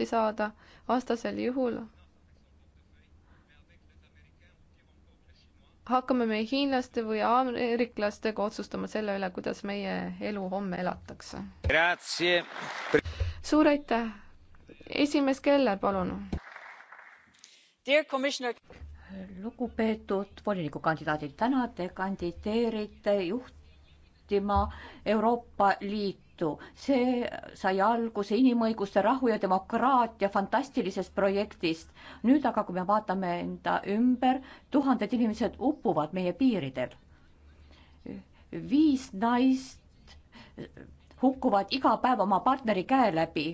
appi saada, vastasel juhul hakkame me hiinlaste või ameeriklastega otsustama selle üle, kuidas meie elu homme elatakse. suur aitäh. esimees Keller, palun. lugupeetud volinikukandidaadid, täna te kandideerite juhtima Euroopa Liitu Liitu. see sai alguse inimõiguste, rahu ja demokraatia fantastilisest projektist. nüüd aga, kui me vaatame enda ümber, tuhanded inimesed upuvad meie piiridel. viis naist hukkuvad iga päev oma partneri käe läbi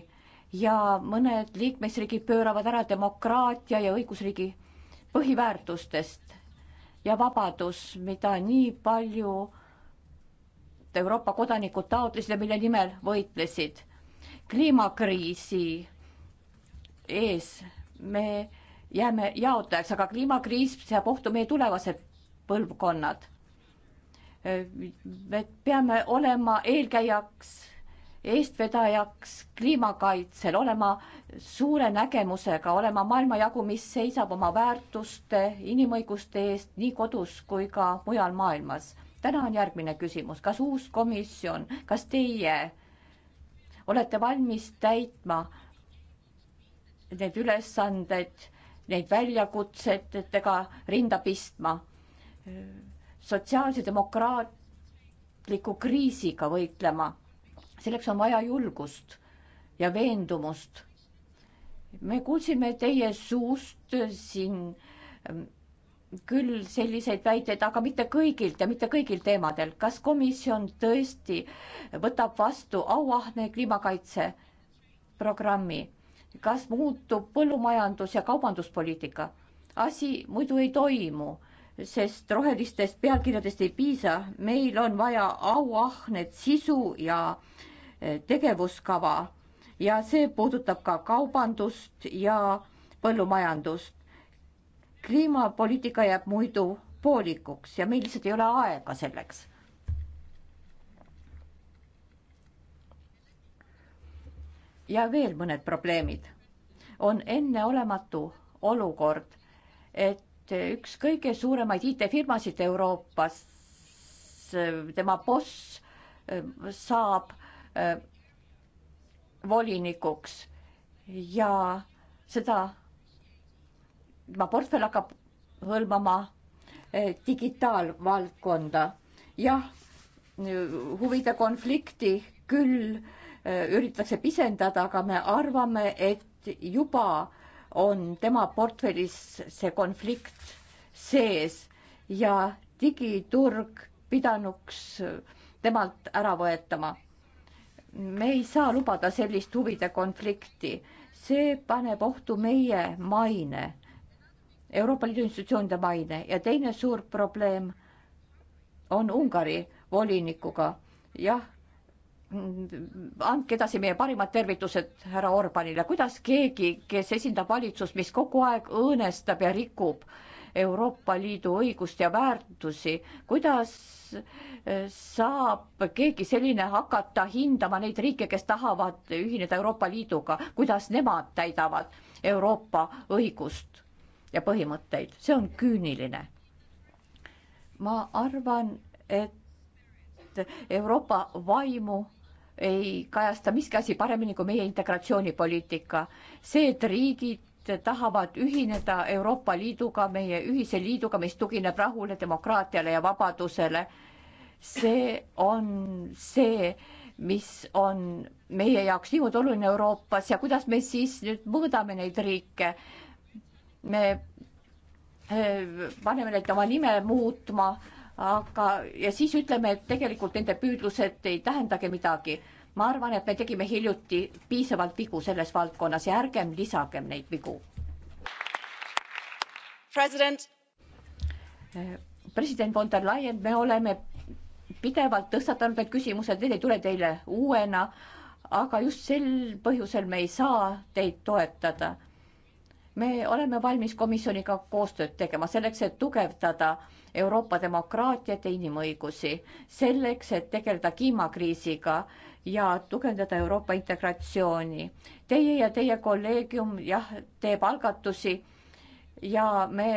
ja mõned liikmesriigid pööravad ära demokraatia ja õigusriigi põhiväärtustest ja vabadus, mida nii palju tegelikult Euroopa kodanikud taotlesid ja mille nimel võitlesid. kliimakriisi ees me jääme jaotajaks, aga kliimakriis seab ohtu meie tulevased põlvkonnad. me peame olema eelkäijaks, eestvedajaks kliimakaitsel, olema suure nägemusega, olema maailmajagu, mis seisab oma väärtuste, inimõiguste eest nii kodus kui ka mujal maailmas täna on järgmine küsimus, kas uus komisjon, kas teie olete valmis täitma need ülesanded, neid väljakutsetega rinda pistma? sotsiaalse demokraatliku kriisiga võitlema, selleks on vaja julgust ja veendumust. me kuulsime teie suust siin ähm, küll selliseid väiteid, aga mitte kõigilt ja mitte kõigil teemadel. kas komisjon tõesti võtab vastu auahne kliimakaitseprogrammi? kas muutub põllumajandus ja kaubanduspoliitika? asi muidu ei toimu, sest rohelistest pealkirjadest ei piisa. meil on vaja auahnet sisu ja eh, tegevuskava ja see puudutab ka kaubandust ja põllumajandust kliimapoliitika jääb muidu poolikuks ja meil lihtsalt ei ole aega selleks. ja veel mõned probleemid. on enneolematu olukord, et üks kõige suuremaid IT-firmasid Euroopas, tema boss eh, saab eh, volinikuks ja seda ma portfell hakkab hõlmama eh, digitaalvaldkonda. jah, huvide konflikti küll eh, üritatakse pisendada, aga me arvame, et juba on tema portfellis see konflikt sees ja digiturg pidanuks temalt ära võetama. me ei saa lubada sellist huvide konflikti, see paneb ohtu meie maine Euroopa Liidu institutsioonide maine ja teine suur probleem on Ungari volinikuga. jah, andke edasi meie parimad tervitused härra Orbanile, kuidas keegi, kes esindab valitsust, mis kogu aeg õõnestab ja rikub Euroopa Liidu õigust ja väärtusi, kuidas eh, saab keegi selline hakata hindama neid riike, kes tahavad ühineda Euroopa Liiduga, kuidas nemad täidavad Euroopa õigust ja põhimõtteid, see on küüniline. ma arvan, et Euroopa vaimu ei kajasta miski asi paremini kui meie integratsioonipoliitika. see, et riigid tahavad ühineda Euroopa Liiduga, meie ühise liiduga, mis tugineb rahule, demokraatiale ja vabadusele. see on see, mis on meie jaoks niivõrd oluline Euroopas ja kuidas me siis nüüd mõõdame neid riike me eh, paneme neid oma nime muutma, aga, ja siis ütleme, et tegelikult nende püüdlused ei tähendagi midagi. ma arvan, et me tegime hiljuti piisavalt vigu selles valdkonnas ja ärgem lisagem neid vigu. president. Eh, president von der Leyen, me oleme pidevalt tõstatanud need küsimused, need ei tule teile uuena, aga just sel põhjusel me ei saa teid toetada me oleme valmis komisjoniga koostööd tegema selleks, et tugevdada Euroopa demokraatiat ja inimõigusi, selleks, et tegeleda kliimakriisiga ja tugevdada Euroopa integratsiooni. Teie ja teie kolleegium jah, teeb algatusi ja me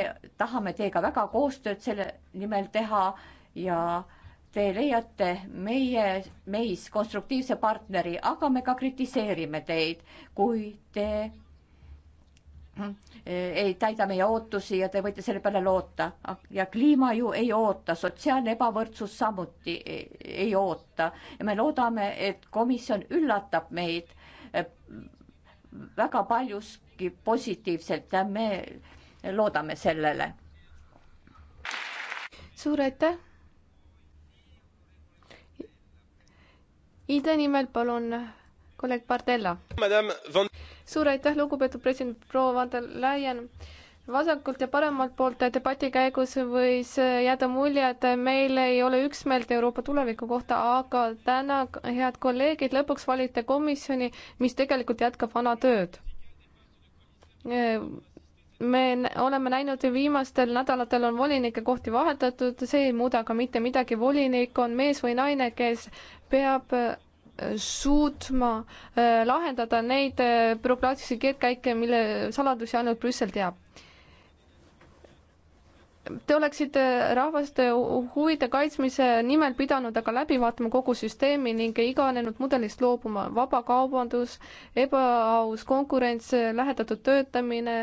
tahame teiega väga koostööd selle nimel teha ja te leiate meie, meis konstruktiivse partneri, aga me ka kritiseerime teid, kui te ei täida meie ootusi ja te võite selle peale loota. ja kliima ju ei oota, sotsiaalne ebavõrdsus samuti ei, ei oota ja me loodame, et komisjon üllatab meid eh, väga paljuski positiivselt ja me loodame sellele. suur aitäh. Ide nimel palun kolleeg Bardella suur aitäh, lugupeetud president proua van der Leyen vasakult ja paremalt poolt debati käigus võis jääda mulje, et meil ei ole üksmeelt Euroopa tuleviku kohta, aga täna, head kolleegid, lõpuks valite komisjoni, mis tegelikult jätkab vana tööd. me oleme näinud viimastel nädalatel on volinike kohti vahetatud, see ei muuda aga mitte midagi, volinik on mees või naine, kes peab suutma äh, lahendada neid äh, bürokraatilisi keerdkäike, mille saladusi ainult Brüssel teab Te oleksite rahvaste huvide kaitsmise nimel pidanud aga läbi vaatama kogu süsteemi ning iganenud mudelist loobuma. vabakaubandus, ebaaus konkurents, lähedatud töötamine,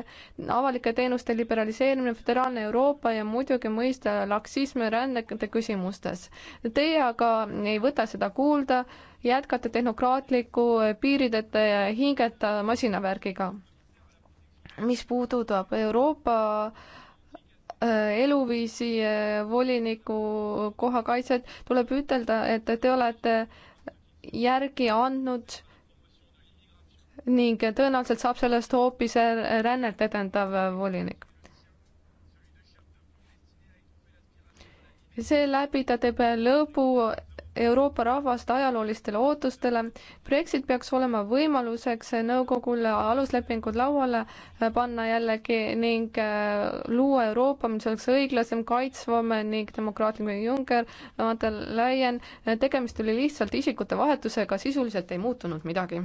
avalike teenuste liberaliseerimine, föderaalne Euroopa ja muidugi mõista laksism rändekate küsimustes. Teie aga ei võta seda kuulda, jätkate tehnokraatliku piirideta ja hingeta masinavärgiga. mis puudutab Euroopa äh, Äh, eluviisi äh, voliniku koha kaitset, tuleb ütelda, et te olete järgi andnud ning tõenäoliselt saab sellest hoopis rännet edendav volinik. seeläbi ta teeb lõbu Euroopa rahvast ajaloolistele ootustele. Brexit peaks olema võimaluseks nõukogule aluslepingud lauale panna jällegi ning äh, luua Euroopa, mis oleks õiglasem, kaitsvam ning demokraatlikum. Juncker, von der Leyen, tegemist oli lihtsalt isikute vahetusega, sisuliselt ei muutunud midagi.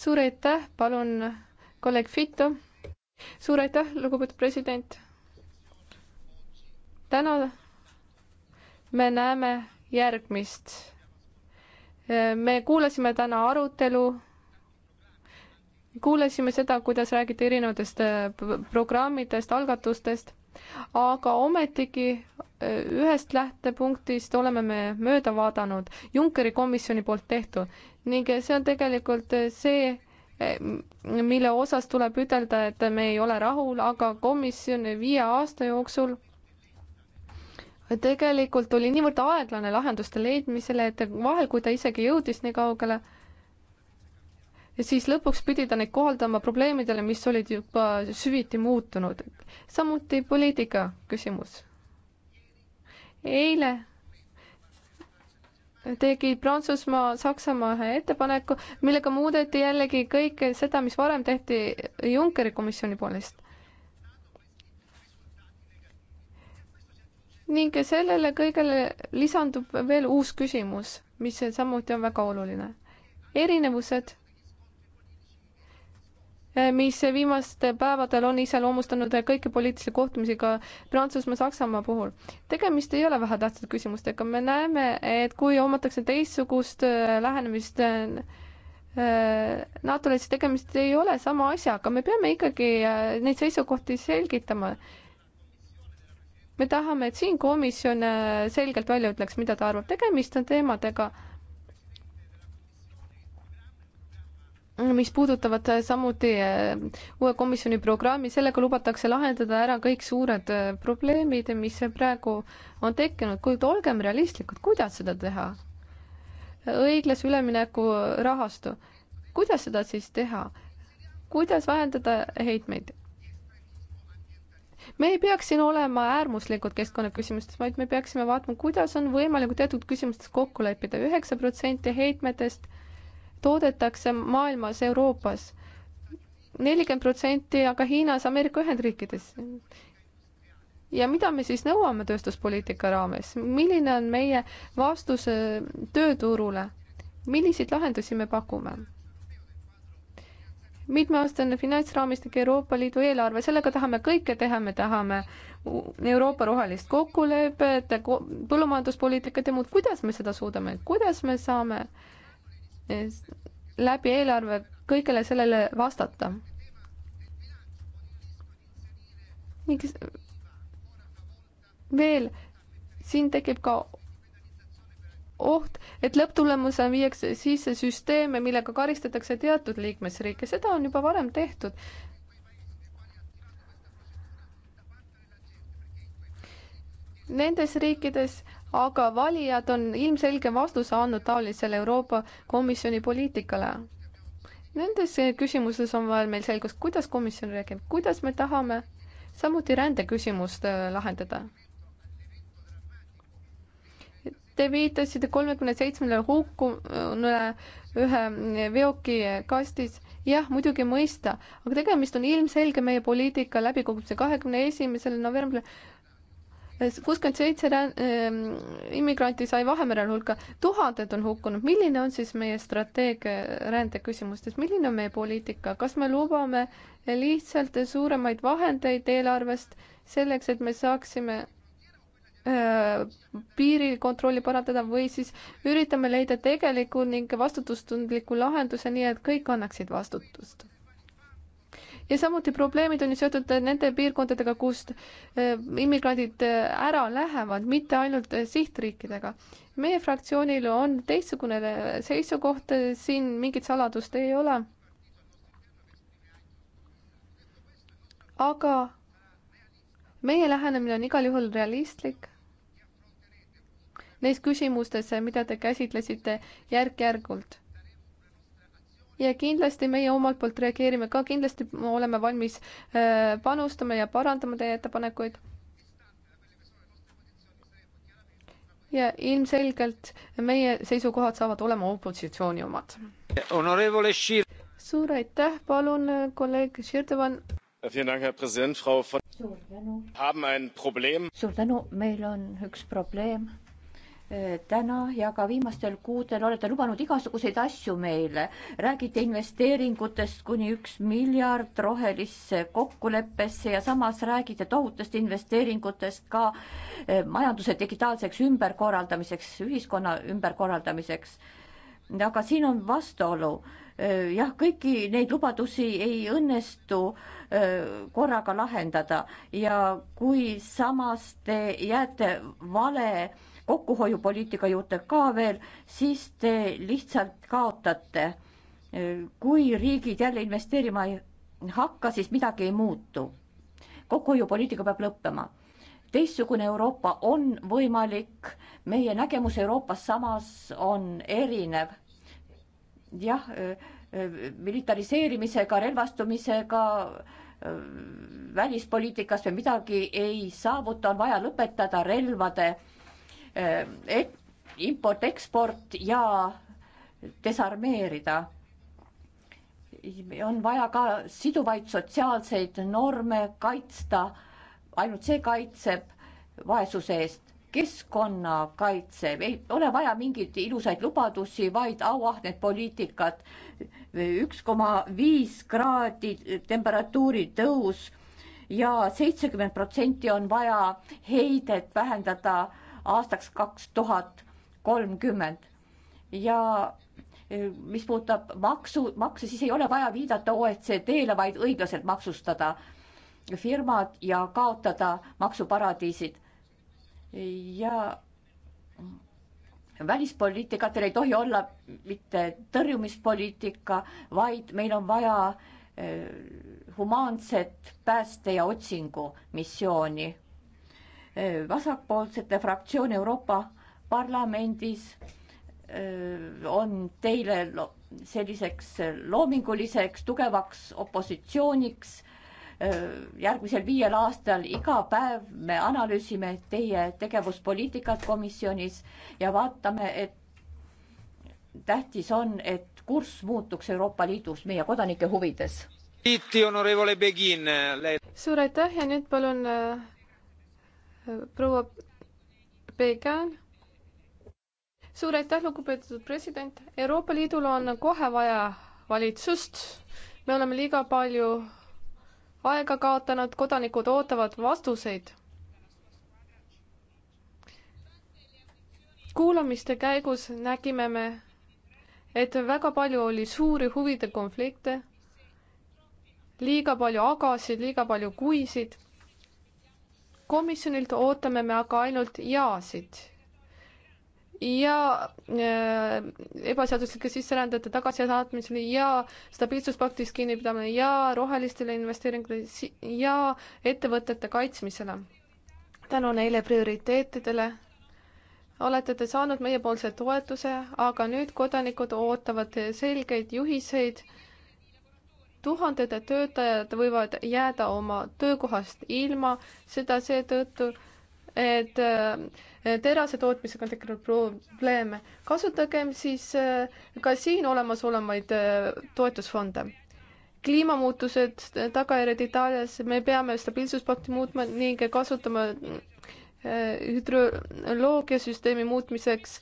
suur aitäh, palun kolleeg Fitto. suur aitäh, lugupeetud president. täna me näeme järgmist. me kuulasime täna arutelu kuulasime seda, kuidas räägiti erinevatest äh, programmidest, algatustest, aga ometigi äh, ühest lähtepunktist oleme me mööda vaadanud Junckeri komisjoni poolt tehtu ning see on tegelikult äh, see, mille osas tuleb ütelda, et me ei ole rahul, aga komisjon viie aasta jooksul tegelikult oli niivõrd aeglane lahenduste leidmisele, et vahel, kui ta isegi jõudis nii kaugele, siis lõpuks pidi ta neid kohaldama probleemidele, mis olid juba süviti muutunud. samuti poliitika küsimus. eile tegi Prantsusmaa, Saksamaa ühe ettepaneku, millega muudeti jällegi kõike seda, mis varem tehti Junckeri komisjoni poolest ning sellele kõigele lisandub veel uus küsimus, mis samuti on väga oluline. erinevused, eh, mis viimastel päevadel on iseloomustanud kõiki poliitilisi kohtumisi ka Prantsusmaa, Saksamaa puhul. tegemist ei ole vähetähtsate küsimustega, me näeme, et kui omatakse teistsugust eh, lähenemist eh, NATO-le, siis tegemist ei ole sama asjaga, me peame ikkagi neid seisukohti selgitama me tahame, et siin komisjon äh, selgelt välja ütleks, mida ta arvab, tegemist on teemadega, mis puudutavad äh, samuti äh, uue komisjoni programmi, sellega lubatakse lahendada ära kõik suured probleemid, mis praegu on tekkinud, kuid olgem realistlikud, kuidas seda teha? õiglase ülemineku rahastu, kuidas seda siis teha? kuidas vähendada heitmeid? me ei peaks siin olema äärmuslikud keskkonnaküsimustes, vaid me peaksime vaatama, kuidas on võimalik teatud küsimustes kokku leppida. üheksa protsenti heitmetest toodetakse maailmas Euroopas, nelikümmend protsenti aga Hiinas, Ameerika Ühendriikides ja mida me siis nõuame tööstuspoliitika raames, milline on meie vastus äh, tööturule, milliseid lahendusi me pakume? mitmeaastane finantsraamistik Euroopa Liidu eelarve, sellega tahame kõike teha, me tahame Euroopa rohelist kokkulepet, põllumajanduspoliitikat ja muud, kuidas me seda suudame, kuidas me saame läbi eelarve kõigele sellele vastata? veel, siin tekib ka oht, et lõpptulemusena viiakse sisse süsteeme, millega karistatakse teatud liikmesriike, seda on juba varem tehtud. Nendes riikides aga valijad on ilmselge vastuse andnud taolisele Euroopa Komisjoni poliitikale. Nendes küsimustes on vaja meil selgust, kuidas komisjon reageerib, kuidas me tahame samuti rändeküsimust äh, lahendada Te viitasite kolmekümne seitsmele hukkunule ühe veoki kastis. jah, muidugi mõista, aga tegemist on ilmselge meie poliitika läbikukkumise kahekümne esimesel novembril kuuskümmend seitse ehm, immigranti sai Vahemerel hulka, tuhanded on hukkunud, milline on siis meie strateegia rändeküsimustes, milline on meie poliitika, kas me lubame lihtsalt suuremaid vahendeid eelarvest selleks, et me saaksime piirikontrolli parandada või siis üritame leida tegeliku ning vastutustundliku lahenduse, nii et kõik annaksid vastutust. ja samuti probleemid on ju seotud nende piirkondadega, kust immigrandid ära lähevad, mitte ainult sihtriikidega. meie fraktsioonil on teistsugune seisukoht, siin mingit saladust ei ole. aga meie lähenemine on igal juhul realistlik. Neis küsimustes, mida te käsitlesite järk-järgult. ja kindlasti meie omalt poolt reageerime ka, kindlasti oleme valmis äh, panustama ja parandama teie ettepanekuid ja ilmselgelt meie seisukohad saavad olema opositsiooni omad. suur aitäh, palun kolleeg Širdevan herr president frau von suur tänu meil on üks probleem äh, täna ja ka viimastel kuudel olete lubanud igasuguseid asju meile räägite investeeringutest kuni üks miljard rohelisse kokkuleppesse ja samas räägite tohutust investeeringutest ka äh, majanduse digitaalseks ümberkorraldamiseks ühiskonna ümberkorraldamiseks aga siin on vastuolu Äh, jah, kõiki neid lubadusi ei õnnestu äh, korraga lahendada ja kui samas te jääte vale kokkuhoiupoliitika juurde ka veel, siis te lihtsalt kaotate. Äh, kui riigid jälle investeerima ei hakka, siis midagi ei muutu. kokkuhoiupoliitika peab lõppema teistsugune Euroopa on võimalik, meie nägemus Euroopast samas on erinev jah, militariseerimisega, relvastumisega, välispoliitikas me midagi ei saavuta, on vaja lõpetada relvade eh, et, import, eksport ja desarmeerida. on vaja ka siduvaid sotsiaalseid norme kaitsta, ainult see kaitseb vaesuse eest keskkonnakaitse, ei ole vaja mingeid ilusaid lubadusi, vaid auahned poliitikat. üks koma viis kraadi temperatuuri tõus ja seitsekümmend protsenti on vaja heidet vähendada aastaks kaks tuhat kolmkümmend. ja e, mis puudutab maksu, makse, siis ei ole vaja viidata OECD-le, vaid õiglaselt maksustada firmad ja kaotada maksuparadiisid ja välispoliitikatel ei tohi olla mitte tõrjumispoliitika, vaid meil on vaja äh, humaanset pääste- ja otsingumissiooni. Äh, vasakpoolsete fraktsioon Euroopa Parlamendis äh, on teile selliseks loominguliseks tugevaks opositsiooniks järgmisel viiel aastal iga päev me analüüsime teie tegevuspoliitikat komisjonis ja vaatame, et tähtis on, et kurss muutuks Euroopa Liidus meie kodanike huvides. suur aitäh ja nüüd palun äh, proua Began suur aitäh, lugupeetud president. Euroopa Liidul on kohe vaja valitsust. me oleme liiga palju aega kaotanud, kodanikud ootavad vastuseid. kuulamiste käigus nägime me, et väga palju oli suuri huvide konflikte, liiga palju agasid, liiga palju kuisid. komisjonilt ootame me aga ainult jaasid ja äh, ebaseaduslike sisserändajate tagasisaatmisele ja stabiilsuspaktist kinnipidamine ja rohelistele investeeringutele ja ettevõtete kaitsmisele. tänu neile prioriteetidele olete te saanud meiepoolse toetuse, aga nüüd kodanikud ootavad selgeid juhiseid. tuhanded töötajad võivad jääda oma töökohast ilma, seda seetõttu, et äh, terase tootmisega on tekkinud probleeme. kasutagem siis äh, ka siin olemasolevaid äh, toetusfonde. kliimamuutused, tagajärjed Itaalias, me peame stabiilsuspakti muutma ning kasutama hüdroloogiasüsteemi muutmiseks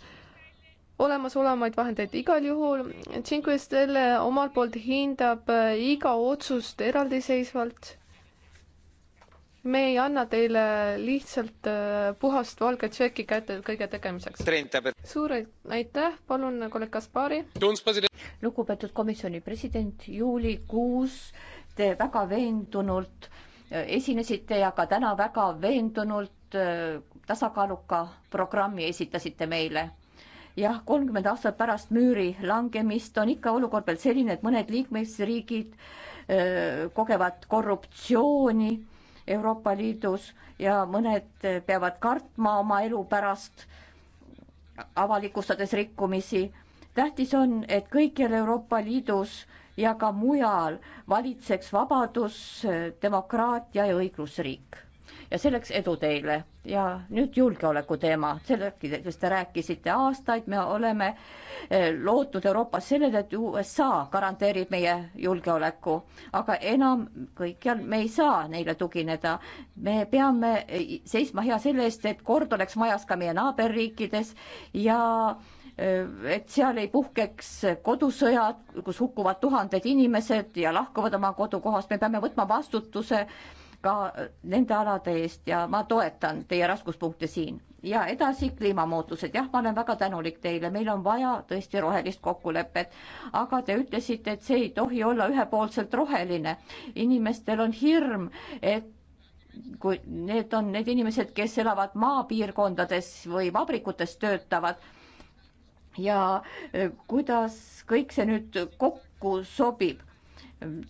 olemasolevaid vahendeid igal juhul. Cinque Stelle omalt poolt hindab iga otsust eraldiseisvalt me ei anna teile lihtsalt äh, puhast valget tšeki kätte kõige tegemiseks. suur aitäh, palun äh, kolleeg Kaspari. lugupeetud komisjoni president, juulikuus te väga veendunult äh, esinesite ja ka täna väga veendunult tasakaaluka programmi esitasite meile jah, kolmkümmend aastat pärast müüri langemist on ikka olukord veel selline, et mõned liikmesriigid öö, kogevad korruptsiooni Euroopa Liidus ja mõned peavad kartma oma elu pärast, avalikustades rikkumisi. tähtis on, et kõikjal Euroopa Liidus ja ka mujal valitseks vabadus, demokraatia ja õigusriik ja selleks edu teile. ja nüüd julgeoleku teema, sellest te rääkisite aastaid, me oleme eh, lootnud Euroopas sellele, et USA garanteerib meie julgeoleku, aga enam kõikjal me ei saa neile tugineda. me peame eh, seisma hea selle eest, et kord oleks majas ka meie naaberriikides ja eh, et seal ei puhkeks kodusõjad, kus hukkuvad tuhanded inimesed ja lahkuvad oma kodukohast, me peame võtma vastutuse äh, ka nende alade eest ja ma toetan teie raskuspunkte siin. ja edasi kliimamuutused, jah, ma olen väga tänulik teile, meil on vaja tõesti rohelist kokkulepet, aga te ütlesite, et see ei tohi olla ühepoolselt roheline. inimestel on hirm, et kui need on need inimesed, kes elavad maapiirkondades või vabrikutes töötavad ja eh, kuidas kõik see nüüd kokku sobib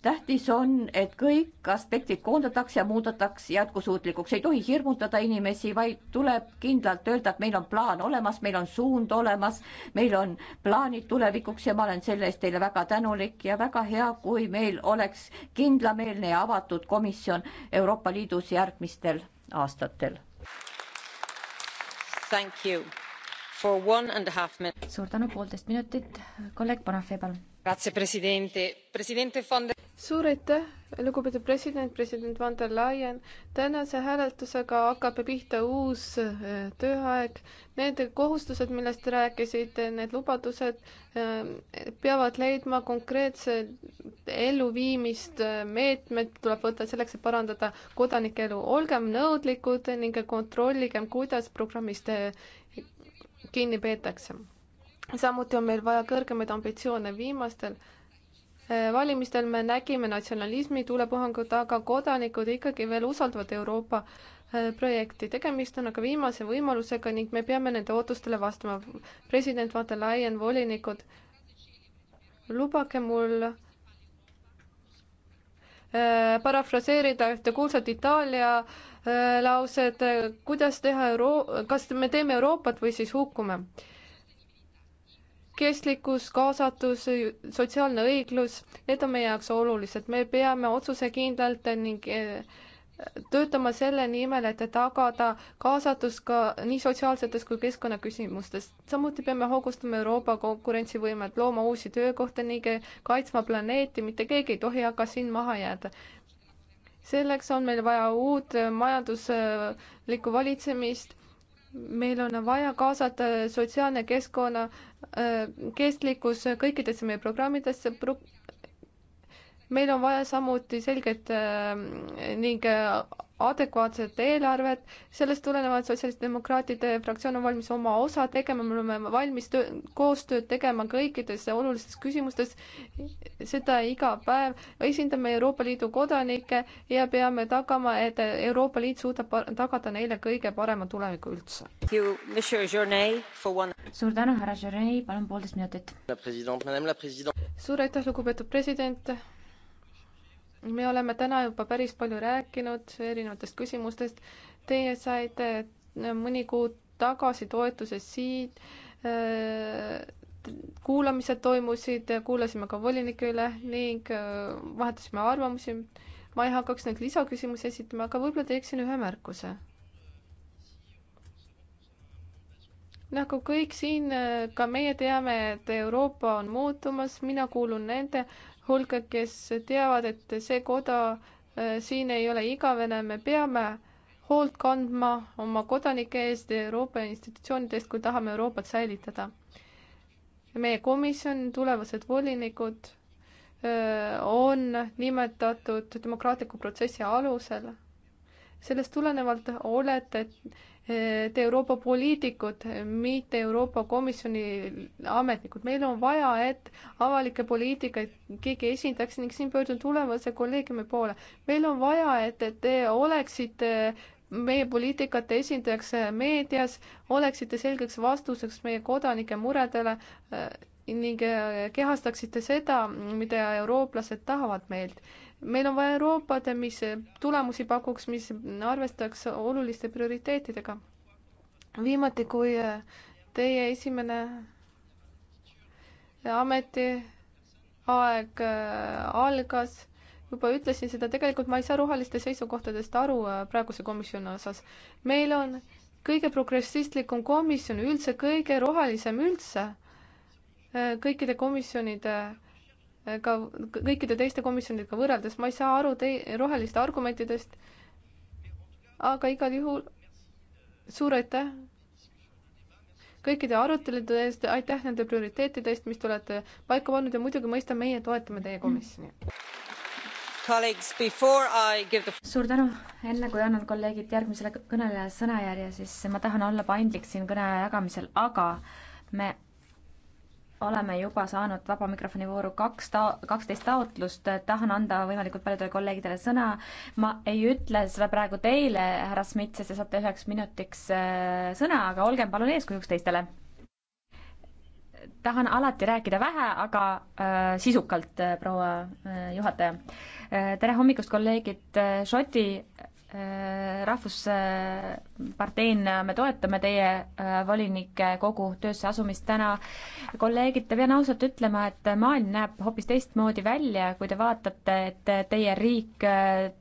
tähtis on, et kõik aspektid koondataks ja muudetaks jätkusuutlikuks, ei tohi hirmutada inimesi, vaid tuleb kindlalt öelda, et meil on plaan olemas, meil on suund olemas, meil on plaanid tulevikuks ja ma olen selle eest teile väga tänulik ja väga hea, kui meil oleks kindlameelne ja avatud komisjon Euroopa Liidus järgmistel aastatel. suur tänu, poolteist minutit, kolleeg Panafebal suur aitäh, lugupeetud president, president von der Leyen. tänase hääletusega hakkab pihta uus äh, tööaeg. Need kohustused, millest te rääkisite, need lubadused äh, peavad leidma konkreetse elluviimist, äh, meetmed tuleb võtta selleks, et parandada kodanike elu. olgem nõudlikud ning kontrolligem, kuidas programmist kinni peetakse samuti on meil vaja kõrgemaid ambitsioone viimastel eh, valimistel me nägime natsionalismi tulepuhangut, aga kodanikud ikkagi veel usaldavad Euroopa eh, projekti. tegemist on aga viimase võimalusega ning me peame nende ootustele vastama. president von der Leyen, volinikud, lubage mul eh, parafraseerida ühte kuulsat Itaalia lauset, kuidas teha Euro-, kas me teeme Euroopat või siis hukkume kestlikkus, kaasatus, sotsiaalne õiglus, need on meie jaoks olulised, me peame otsusekindlalt ning eh, töötama selle nimel, et tagada kaasatus ka nii sotsiaalsetes kui keskkonnaküsimustes. samuti peame hoogustama Euroopa konkurentsivõimet, looma uusi töökohti ning kaitsma planeeti, mitte keegi ei tohi aga siin maha jääda selleks on meil vaja uut majanduslikku valitsemist meil on vaja kaasata sotsiaalne keskkonna äh, kestlikkus kõikidesse meie programmidesse. meil on vaja samuti selget äh, ning äh, adekvaatset eelarvet, sellest tulenevalt Sotsialistdemokraatide fraktsioon on valmis oma osa tegema, me oleme valmis töö, koostööd tegema kõikides olulistes küsimustes, seda iga päev, esindame Euroopa Liidu kodanikke ja peame tagama, et Euroopa Liit suudab tagada neile kõige parema tuleviku üldse. suur tänu, härra Journey, palun poolteist minutit. suur aitäh, lugupeetud president me oleme täna juba päris palju rääkinud erinevatest küsimustest. Teie saite mõni kuu tagasi toetuse siit. Äh, kuulamised toimusid, kuulasime ka volinike üle ning äh, vahetasime arvamusi. ma ei hakkaks nüüd lisaküsimusi esitama, aga võib-olla teeksin ühe märkuse. nagu kõik siin, äh, ka meie teame, et Euroopa on muutumas, mina kuulun nende hulka, kes teavad, et see koda äh, siin ei ole igavene, me peame hoolt kandma oma kodanike eest ja Euroopa institutsioonide eest, kui tahame Euroopat säilitada. meie komisjon, tulevased volinikud äh, on nimetatud demokraatliku protsessi alusel. sellest tulenevalt olete et Euroopa poliitikud, mitte Euroopa Komisjoni ametnikud, meil on vaja, et avalikke poliitikaid keegi esindaks ning siin pöördun tulevase kolleegiumi poole. meil on vaja, et te oleksite meie poliitikate esindajaks meedias, oleksite selgeks vastuseks meie kodanike muredele äh, ning äh, kehastaksite seda, mida eurooplased tahavad meilt meil on vaja Euroopat, mis tulemusi pakuks, mis arvestaks oluliste prioriteetidega. viimati, kui äh, teie esimene ametiaeg äh, algas, juba ütlesin seda, tegelikult ma ei saa roheliste seisukohtadest aru äh, praeguse komisjoni osas. meil on kõige progressistlikum komisjon üldse, kõige rohelisem üldse kõikide komisjonide ka kõikide teiste komisjonidega võrreldes, ma ei saa aru tei-, roheliste argumentidest, aga igal juhul suur aitäh kõikide arutelude eest, aitäh nende prioriteetide eest, mis te olete paika pannud ja muidugi mõista, meie toetame teie komisjoni. The... suur tänu, enne kui annan kolleegid järgmisele kõnelejale sõnajärje, siis ma tahan olla paindlik siin kõne jagamisel, aga me oleme juba saanud vaba mikrofoni vooru kaks ta-, kaksteist taotlust, tahan anda võimalikult paljudele kolleegidele sõna. ma ei ütle seda praegu teile, härra Schmidt, sest te saate üheks minutiks äh, sõna, aga olgem palun eeskujuks teistele. tahan alati rääkida vähe, aga äh, sisukalt, äh, proua äh, juhataja äh,. tere hommikust, kolleegid äh,, Šoti Äh, rahvusparteina me toetame teie äh, volinike kogu töösse asumist täna. kolleegid, pean ausalt ütlema, et maailm näeb hoopis teistmoodi välja, kui te vaatate, et teie riik äh,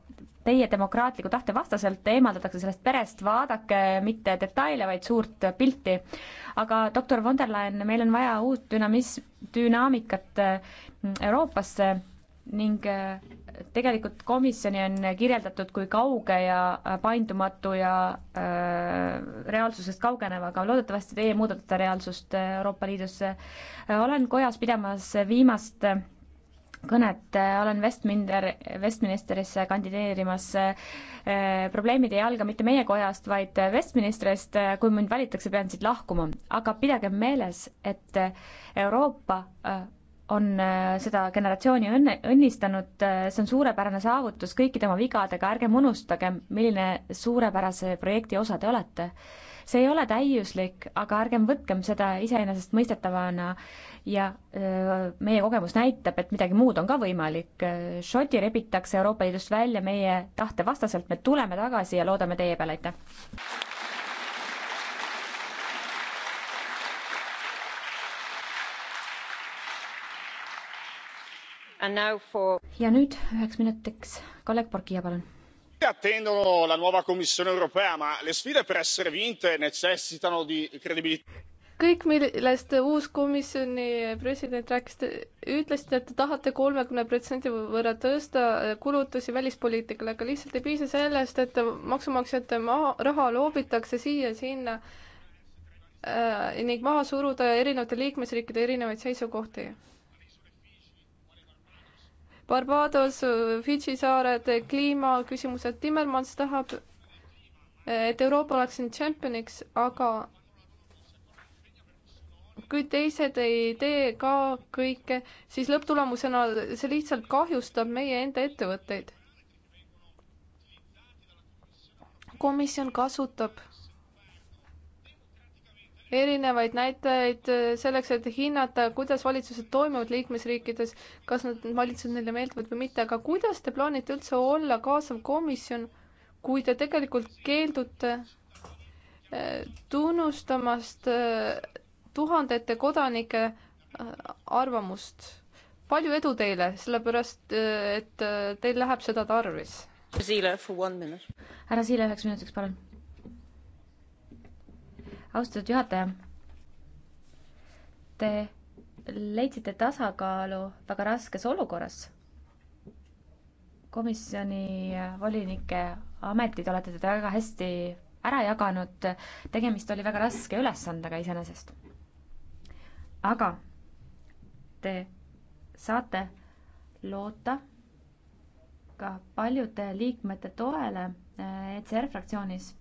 teie demokraatliku tahte vastaselt eemaldatakse sellest perest, vaadake mitte detaile, vaid suurt pilti. aga doktor von der Leyen, meil on vaja uut dünamis-, dünaamikat Euroopasse ning äh, tegelikult komisjoni on kirjeldatud kui kauge ja äh, paindumatu ja äh, reaalsusest kaugeneva, aga loodetavasti teie muudate reaalsust äh, Euroopa Liidus. olen kojas pidamas viimast kõnet, olen Westminder, Westministerisse kandideerimas äh,. probleemid ei alga mitte meie kojast, vaid Westministrist, kui mind valitakse, pean siit lahkuma, aga pidagem meeles, et Euroopa äh, on äh, seda generatsiooni õnne, õnnistanud, äh, see on suurepärane saavutus kõikide oma vigadega, ärgem unustagem, milline suurepärase projekti osa te olete. see ei ole täiuslik, aga ärgem võtkem seda iseenesestmõistetavana ja öö, äh, meie kogemus näitab, et midagi muud on ka võimalik. Šoti rebitakse Euroopa Liidust välja meie tahte vastaselt, me tuleme tagasi ja loodame teie peale, aitäh! For... ja nüüd üheks minutiks kolleeg Borghia, palun. attendono la nuova Commissione europea, ma le sfide per essere vinte necessitano di credibilità kõik, millest uus komisjoni president rääkis, te ütlesite, et te tahate kolmekümne protsendi võrra tõsta kulutusi välispoliitikale, aga lihtsalt ei piisa sellest, et maksumaksjate maha, raha loobitakse siia-sinna äh, ning maha suruda erinevate liikmesriikide erinevaid seisukohti Barbados, Fidži saared, kliimaküsimused, Timmermans tahab, et Euroopa oleks siin tšempioniks, aga kui teised ei tee ka kõike, siis lõpptulemusena see lihtsalt kahjustab meie enda ettevõtteid. komisjon kasutab erinevaid näitajaid äh, selleks, et hinnata, kuidas valitsused toimivad liikmesriikides, kas nad, valitsused neile meeldivad või mitte, aga kuidas te plaanite üldse olla kaasav komisjon, kui te tegelikult keeldute äh, tunnustamast äh, tuhandete kodanike arvamust. palju edu teile, sellepärast et teil läheb seda tarvis. härra Siile üheks minutiks, palun austatud juhataja, te leidsite tasakaalu väga raskes olukorras. komisjoni volinike ametid olete te väga hästi ära jaganud, tegemist oli väga raske ülesandega iseenesest. aga te saate loota ka paljude liikmete toele eh, ECR fraktsioonis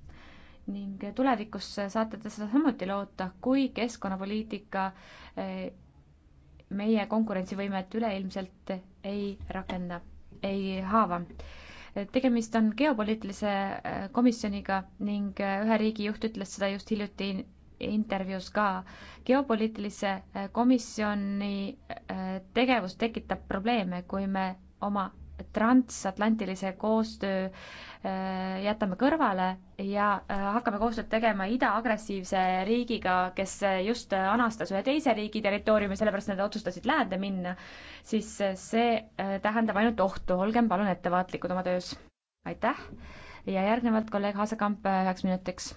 ning tulevikus saate te seda samuti loota, kui keskkonnapoliitika eh, meie konkurentsivõimet üleilmselt ei rakenda, ei haava. tegemist on geopoliitilise eh, komisjoniga ning eh, ühe riigi juht ütles seda just hiljuti intervjuus ka. geopoliitilise komisjoni tegevus tekitab probleeme, kui me oma transatlantilise koostöö äh, jätame kõrvale ja äh, hakkame koostööd tegema idaagressiivse riigiga, kes äh, just anastas ühe teise riigi territooriumi, sellepärast nad otsustasid läände minna, siis see tähendab ainult ohtu, olgem palun ettevaatlikud oma töös. aitäh ja järgnevalt kolleeg Haasekamp üheks minutiks.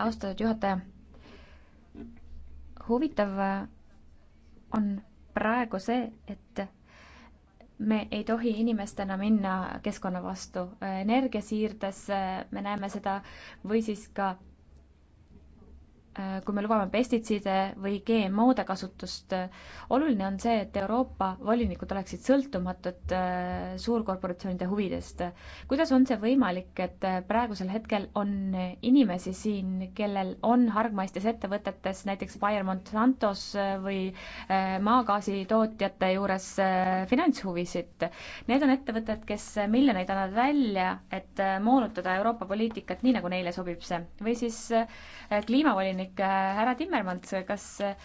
austatud juhataja, huvitav on praegu see, et me ei tohi inimestena minna keskkonna vastu energiasiirdes, me näeme seda, või siis ka Äh, kui me lubame pestitsiide või GMO-de kasutust. Äh, oluline on see, et Euroopa volinikud oleksid sõltumatud äh, suurkorporatsioonide huvidest. kuidas on see võimalik, et praegusel hetkel on inimesi siin, kellel on hargmaistes ettevõtetes, näiteks Bayer Monsantos või maagaasitootjate juures finantshuvisid? Need on ettevõtted, kes miljoneid annavad välja, et moonutada Euroopa poliitikat nii, nagu neile sobib see. või siis kliimavolinik volinik äh, härra Timmermans, kas äh,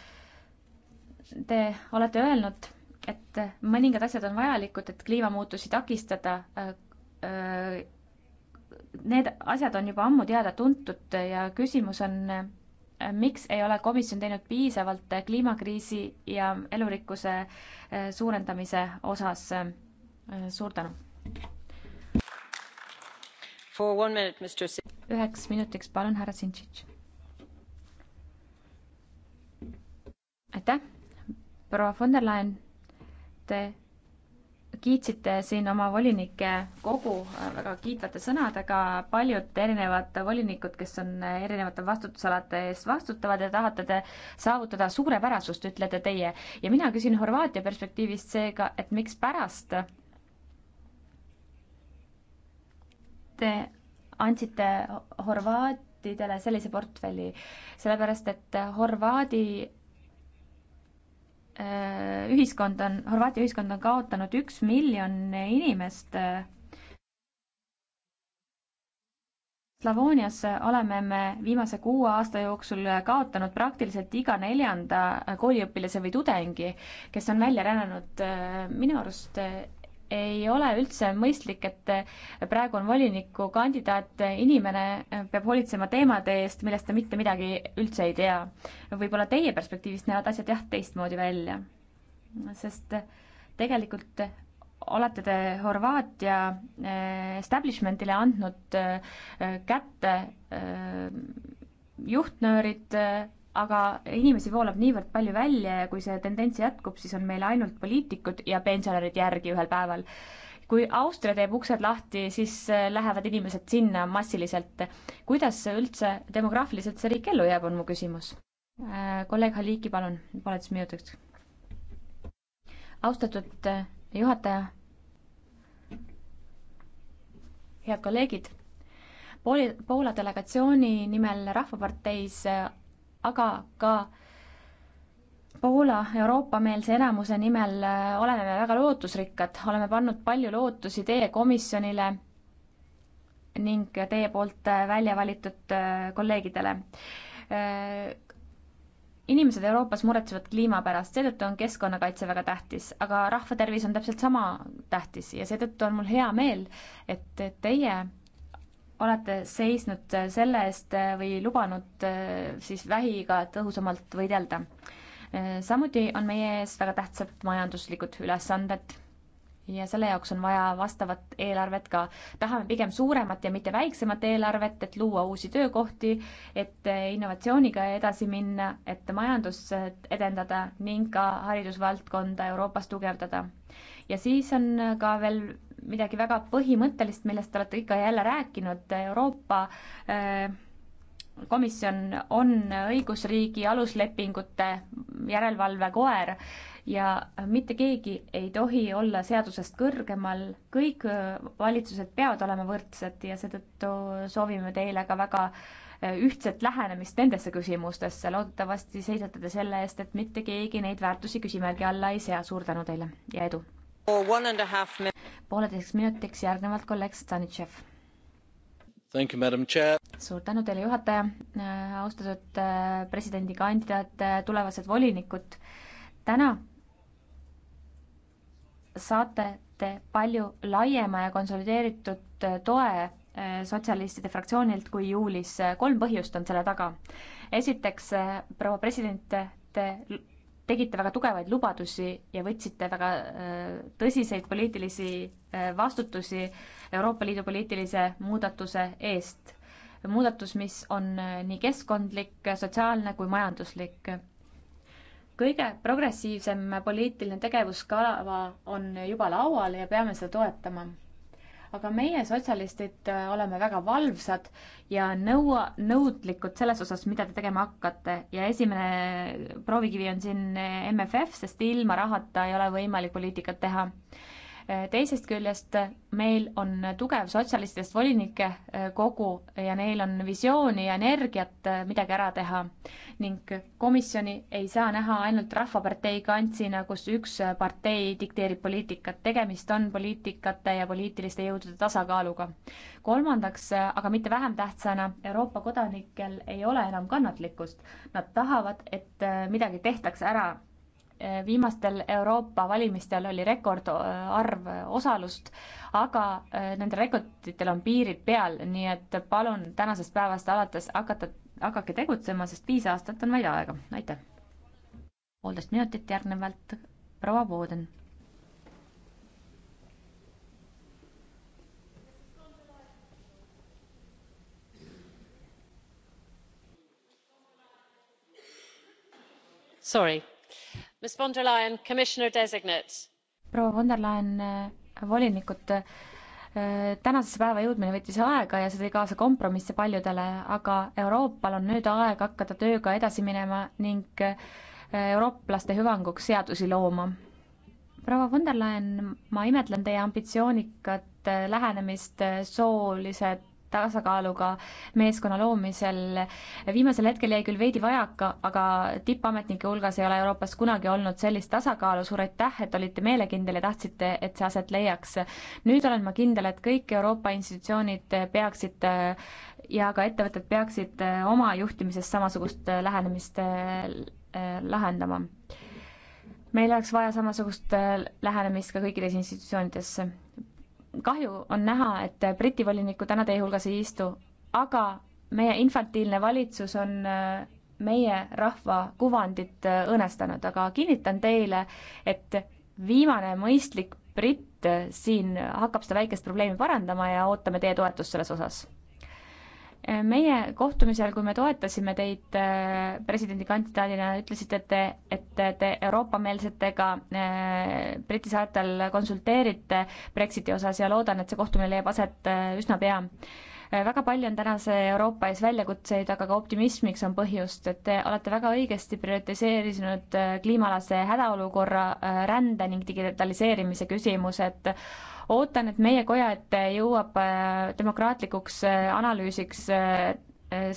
te olete öelnud, et äh, mõningad asjad on vajalikud, et kliimamuutusi takistada. Need asjad on juba ammu teada-tuntud ja küsimus on, miks ei ole komisjon teinud piisavalt kliimakriisi ja elurikkuse suurendamise osas? suur tänu. üheks minutiks palun, härra Sintšitš aitäh, proua von der Leyen, te kiitsite siin oma volinike kogu väga kiitvate sõnadega, paljud erinevad volinikud, kes on erinevate vastutusalade eest vastutavad ja tahate te saavutada suurepärasust, ütlete teie. ja mina küsin Horvaatia perspektiivist seega, et mikspärast te andsite Horvaatidele sellise portfelli, sellepärast et Horvaadi Äh, ühiskond on, Horvaatia ühiskond on kaotanud üks miljon inimest. Äh. Slavoonias oleme me viimase kuue aasta jooksul kaotanud praktiliselt iga neljanda kooliõpilase või tudengi, kes on välja rännanud. Äh, minu arust ei ole üldse mõistlik, et äh, praegu on volinikukandidaat äh, inimene, äh, peab hoolitsema teemade eest, millest ta mitte midagi üldse ei tea. võib-olla teie perspektiivist näevad asjad jah, teistmoodi välja. sest tegelikult olete te Horvaatia establishment'ile andnud kätte juhtnöörid aga inimesi voolab niivõrd palju välja ja kui see tendents jätkub, siis on meil ainult poliitikud ja pensionärid järgi ühel päeval. kui Austria teeb uksed lahti, siis äh, lähevad inimesed sinna massiliselt. kuidas üldse demograafiliselt see riik ellu jääb, on mu küsimus. Äh, kolleeg Haliki, palun, pooleteist minutiks. austatud äh, juhataja, head kolleegid, Poola delegatsiooni nimel Rahvaparteis aga ka Poola Euroopa-meelse enamuse nimel äh, oleme me väga lootusrikkad, oleme pannud palju lootusi teie komisjonile ning teie poolt äh, välja valitud äh, kolleegidele inimesed Euroopas muretsevad kliima pärast, seetõttu on keskkonnakaitse väga tähtis, aga rahvatervis on täpselt sama tähtis ja seetõttu on mul hea meel, et teie olete seisnud selle eest eh, või lubanud eh, siis vähiga tõhusamalt võidelda. Eh, samuti on meie ees väga tähtsad majanduslikud ülesanded ja selle jaoks on vaja vastavat eelarvet ka. tahame pigem suuremat ja mitte väiksemat eelarvet, et luua uusi töökohti, et innovatsiooniga edasi minna, et majandust edendada ning ka haridusvaldkonda Euroopas tugevdada. ja siis on ka veel midagi väga põhimõttelist, millest te olete ikka ja jälle rääkinud, Euroopa äh, komisjon on õigusriigi aluslepingute järelevalvekoer ja mitte keegi ei tohi olla seadusest kõrgemal, kõik äh, valitsused peavad olema võrdsed ja seetõttu soovime teile ka väga äh, ühtset lähenemist nendesse küsimustesse, loodetavasti seisate te selle eest, et mitte keegi neid väärtusi küsimärgi alla ei sea, suur tänu teile ja edu! pooleteiseks minutiks järgnevalt kolleeg Stanitšev. suur tänu teile, juhataja, äh, austatud äh, presidendikandidaat, äh, tulevased volinikud. täna saate te palju laiema ja konsolideeritud toe sotsialistide fraktsioonilt kui juulis. kolm põhjust on selle taga. esiteks, proua president, te tegite väga tugevaid lubadusi ja võtsite väga äh, tõsiseid poliitilisi äh, vastutusi Euroopa Liidu poliitilise muudatuse eest. muudatus, mis on äh, nii keskkondlik, sotsiaalne kui majanduslik. kõige progressiivsem poliitiline tegevuskava on juba laual ja peame seda toetama aga meie, sotsialistid, äh, oleme väga valvsad ja nõua, nõudlikud selles osas, mida te tegema hakkate. ja esimene proovikivi on siin MFF, sest ilma rahata ei ole võimalik poliitikat teha teisest küljest meil on tugev sotsialistidest volinike eh, kogu ja neil on visiooni ja energiat eh, midagi ära teha. ning komisjoni ei saa näha ainult Rahvapartei kantsina, kus üks partei dikteerib poliitikat, tegemist on poliitikate ja poliitiliste jõudude tasakaaluga. kolmandaks, eh, aga mitte vähem tähtsana, Euroopa kodanikel ei ole enam kannatlikkust. Nad tahavad, et midagi tehtaks ära viimastel Euroopa valimistel oli rekordarv osalust, aga äh, nendel rekorditel on piirid peal, nii et palun tänasest päevast alates hakata, hakake tegutsema, sest viis aastat on vaid aega, aitäh. poolteist minutit järgnevalt proua Vooden. Sorry proua von der Leyen, äh, volinikud, äh, tänasesse päeva jõudmine võttis aega ja see tõi kaasa kompromisse paljudele, aga Euroopal on nüüd aeg hakata tööga edasi minema ning äh, eurooplaste hüvanguks seadusi looma. proua von der Leyen, ma imetlen teie ambitsioonikat lähenemist soolised tasakaaluga meeskonna loomisel. viimasel hetkel jäi küll veidi vajaka, aga tippametnike hulgas ei ole Euroopas kunagi olnud sellist tasakaalu, suur aitäh, et olite meelekindel ja tahtsite, et see aset leiaks. nüüd olen ma kindel, et kõik Euroopa institutsioonid peaksid ja ka ettevõtted peaksid oma juhtimises samasugust lähenemist äh, lahendama. meil oleks vaja samasugust äh, lähenemist ka kõikides institutsioonides kahju on näha, et Briti volinikku täna teie hulgas ei istu, aga meie infantiilne valitsus on äh, meie rahva kuvandit äh, õõnestanud, aga kinnitan teile, et viimane mõistlik britt äh, siin hakkab seda väikest probleemi parandama ja ootame teie toetust selles osas Äh, meie kohtumisel, kui me toetasime teid äh, presidendikandidaadina, ütlesite te, et te Euroopa-meelsetega äh, Briti saartel konsulteerite Brexiti osas ja loodan, et see kohtumine leiab aset üsna pea. väga palju on tänase Euroopa ees väljakutseid, aga ka optimismiks on põhjust, et te olete väga õigesti prioritiseerinud kliimaalase hädaolukorra, rände ning digitaliseerimise küsimused ootan, et meie koja ette jõuab äh, demokraatlikuks äh, analüüsiks äh,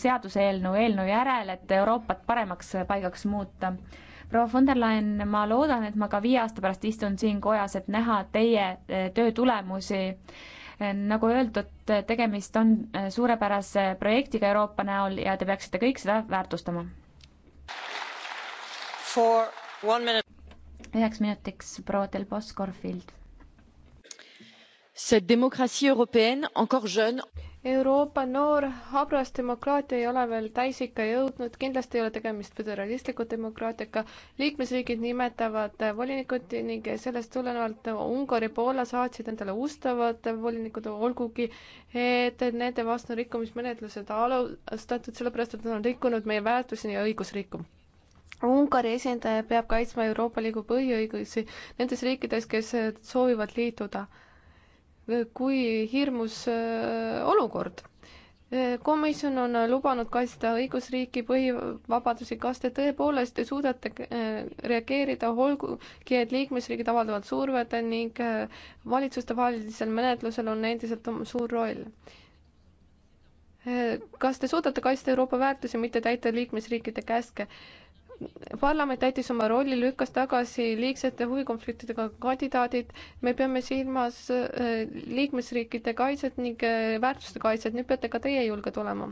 seaduseelnõu, eelnõu järel, et Euroopat paremaks paigaks muuta. proua von der Leyen, ma loodan, et ma ka viie aasta pärast istun siin kojas, et näha teie töö tulemusi. nagu öeldud, tegemist on suurepärase projektiga Euroopa näol ja te peaksite kõik seda väärtustama. üheks minutiks proua Del Bosco-Field cette démocratie européenne encore jeune. Euroopa noor habras demokraatia ei ole veel täisikka jõudnud, kindlasti ei ole tegemist föderalistliku demokraatiaga. liikmesriigid nimetavad volinikud ning sellest tulenevalt Ungari, Poola saatsid endale ustavad volinikud, olgugi et nende vastu rikkumismenetlused alustatud, sellepärast et nad on rikkunud meie väärtusi ja õigusriiku Ungari esindaja peab kaitsma Euroopa Liidu põhiõigusi nendes riikides, kes soovivad liituda kui hirmus äh, olukord. Äh, komisjon on äh, lubanud kaitsta õigusriiki, põhivabadusi, kas te tõepoolest suudate reageerida, olgugi et liikmesriigid avaldavad survet ning valitsustevahelisel menetlusel on endiselt um, suur roll? kas te suudate kaitsta Euroopa väärtusi, mitte täita liikmesriikide käske? parlament täitis oma rolli, lükkas tagasi liigsete huvikonfliktidega kandidaadid, me peame silmas äh, liikmesriikide kaitset ning äh, väärtuste kaitset, nüüd peate ka teie julged olema.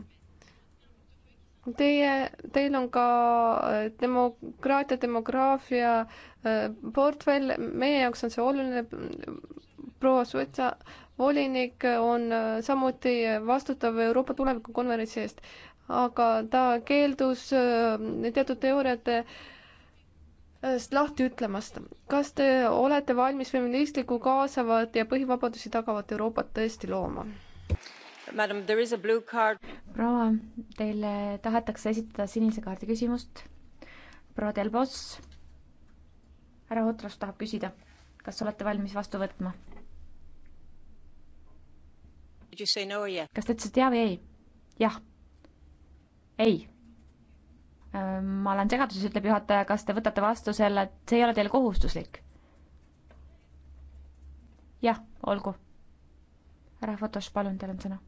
Teie, teil on ka äh, demokraatia, demograafia portfell, meie jaoks on see oluline, proua Suitsa, volinik on samuti vastutav Euroopa tulevikukonverentsi eest aga ta keeldus äh, teatud teooriate äh, lahti ütlemast. kas te olete valmis feministlikku kaasavat ja põhivabadusi tagavat Euroopat tõesti looma? proua, teile tahetakse esitada sinise kaardi küsimust. proua Delbos, härra Otros tahab küsida, kas olete valmis vastu võtma? No, yeah? kas te ütlesite jaa või ei? jah ei. ma olen segaduses, ütleb juhataja, kas te võtate vastu selle, et see ei ole teil kohustuslik? jah, olgu. härra Fotoš, palun, teil on sõna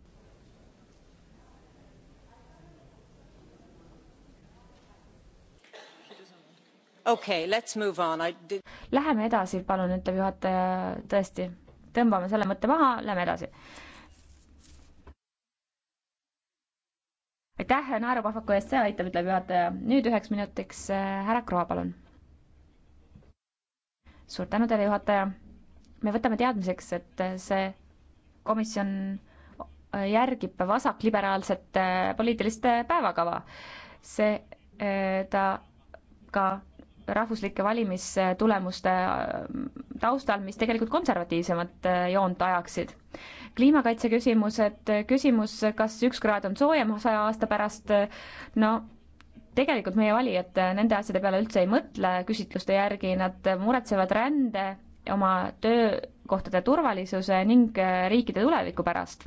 Okay, did... Läheme edasi, palun, ütleb juhataja, tõesti, tõmbame selle mõtte maha, lähme edasi. aitäh naerupahvaku eest, see aitab, ütleb juhataja. nüüd üheks minutiks äh, härra Kroa, palun. suur tänu teile, juhataja. me võtame teadmiseks, et äh, see komisjon äh, järgib vasakliberaalset poliitilist päevakava. see, ta ka rahvuslike valimistulemuste äh, taustal, mis tegelikult konservatiivsemat äh, joont ajaksid. kliimakaitse küsimused, äh, küsimus, kas üks kraad on soojem saja aasta pärast, no tegelikult meie valijad nende asjade peale üldse ei mõtle küsitluste järgi, nad muretsevad rände, oma töökohtade turvalisuse ning riikide tuleviku pärast.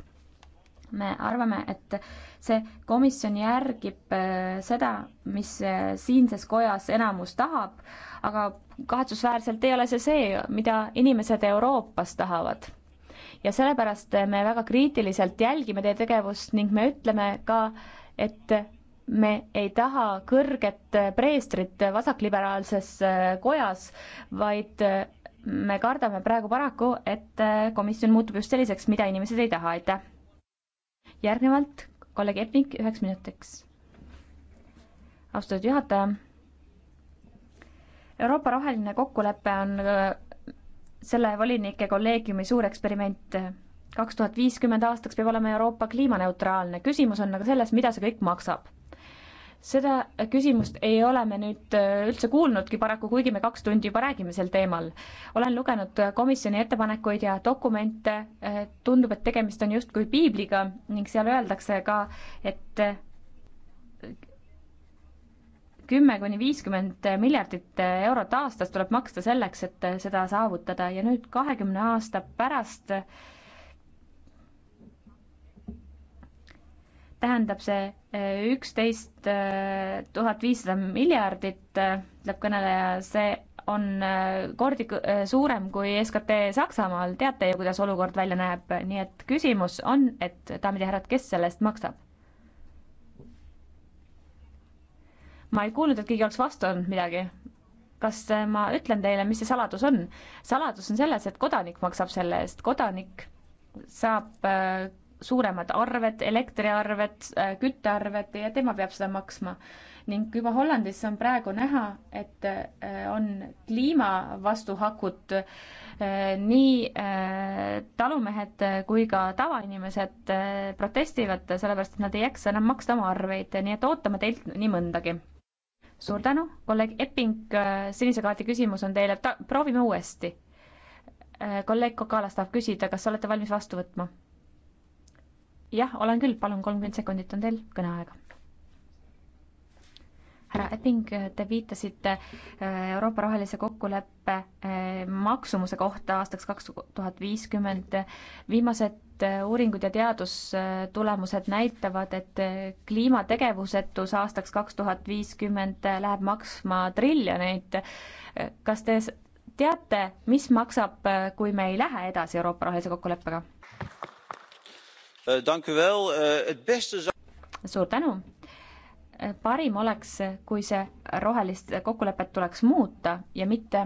me arvame, et see komisjon järgib äh, seda, mis äh, siinses kojas enamus tahab, aga kahetsusväärselt ei ole see see, mida inimesed Euroopas tahavad. ja sellepärast me väga kriitiliselt jälgime teie tegevust ning me ütleme ka, et me ei taha kõrget preestrit vasakliberaalses äh, kojas, vaid me kardame praegu paraku, et komisjon muutub just selliseks, mida inimesed ei taha, aitäh. järgnevalt kolleeg Epnik üheks minutiks. austatud juhataja. Euroopa roheline kokkulepe on äh, selle volinike kolleegiumi suur eksperiment. kaks tuhat viiskümmend aastaks peab olema Euroopa kliimaneutraalne, küsimus on aga selles, mida see kõik maksab seda küsimust ei ole me nüüd äh, üldse kuulnudki paraku, kuigi me kaks tundi juba räägime sel teemal. olen lugenud äh, komisjoni ettepanekuid ja dokumente, äh, tundub, et tegemist on justkui piibliga ning seal öeldakse ka, et kümme kuni viiskümmend miljardit eurot aastas tuleb maksta selleks, et seda saavutada ja nüüd kahekümne aasta pärast tähendab see üksteist äh, tuhat viissada miljardit, äh, ütleb kõneleja, see on äh, kordi suurem kui SKT Saksamaal, teate ju, kuidas olukord välja näeb, nii et küsimus on, et daamid ja härrad, kes selle eest maksab? ma ei kuulnud, et keegi oleks vastu olnud midagi. kas ma ütlen teile, mis see saladus on? saladus on selles, et kodanik maksab selle eest, kodanik saab suuremad arved, elektriarved, äh, küttearved ja tema peab seda maksma. ning juba Hollandis on praegu näha, et äh, on kliima vastuhakud äh, nii talumehed kui ka tavainimesed protestivad, sellepärast et nad ei jaksa enam maksta oma arveid, nii et ootame teilt nii mõndagi. suur tänu, kolleeg Epping, sinise kaardi küsimus on teile, proovime uuesti. kolleeg Kokala tahab küsida, kas olete valmis vastu võtma? jah, olen küll, palun, kolmkümmend sekundit on teil kõneaega. härra Epping, te viitasite äh, Euroopa rohelise kokkuleppe äh, maksumuse kohta aastaks kaks tuhat viiskümmend. viimased äh, uuringud ja teadustulemused näitavad, et kliimategevusetus aastaks kaks tuhat viiskümmend läheb maksma triljoneid. kas te teate, mis maksab, kui me ei lähe edasi Euroopa rohelise kokkuleppega? Eh, eh, suur tänu. Eh, parim oleks, kui see rohelist kokkulepet tuleks muuta ja mitte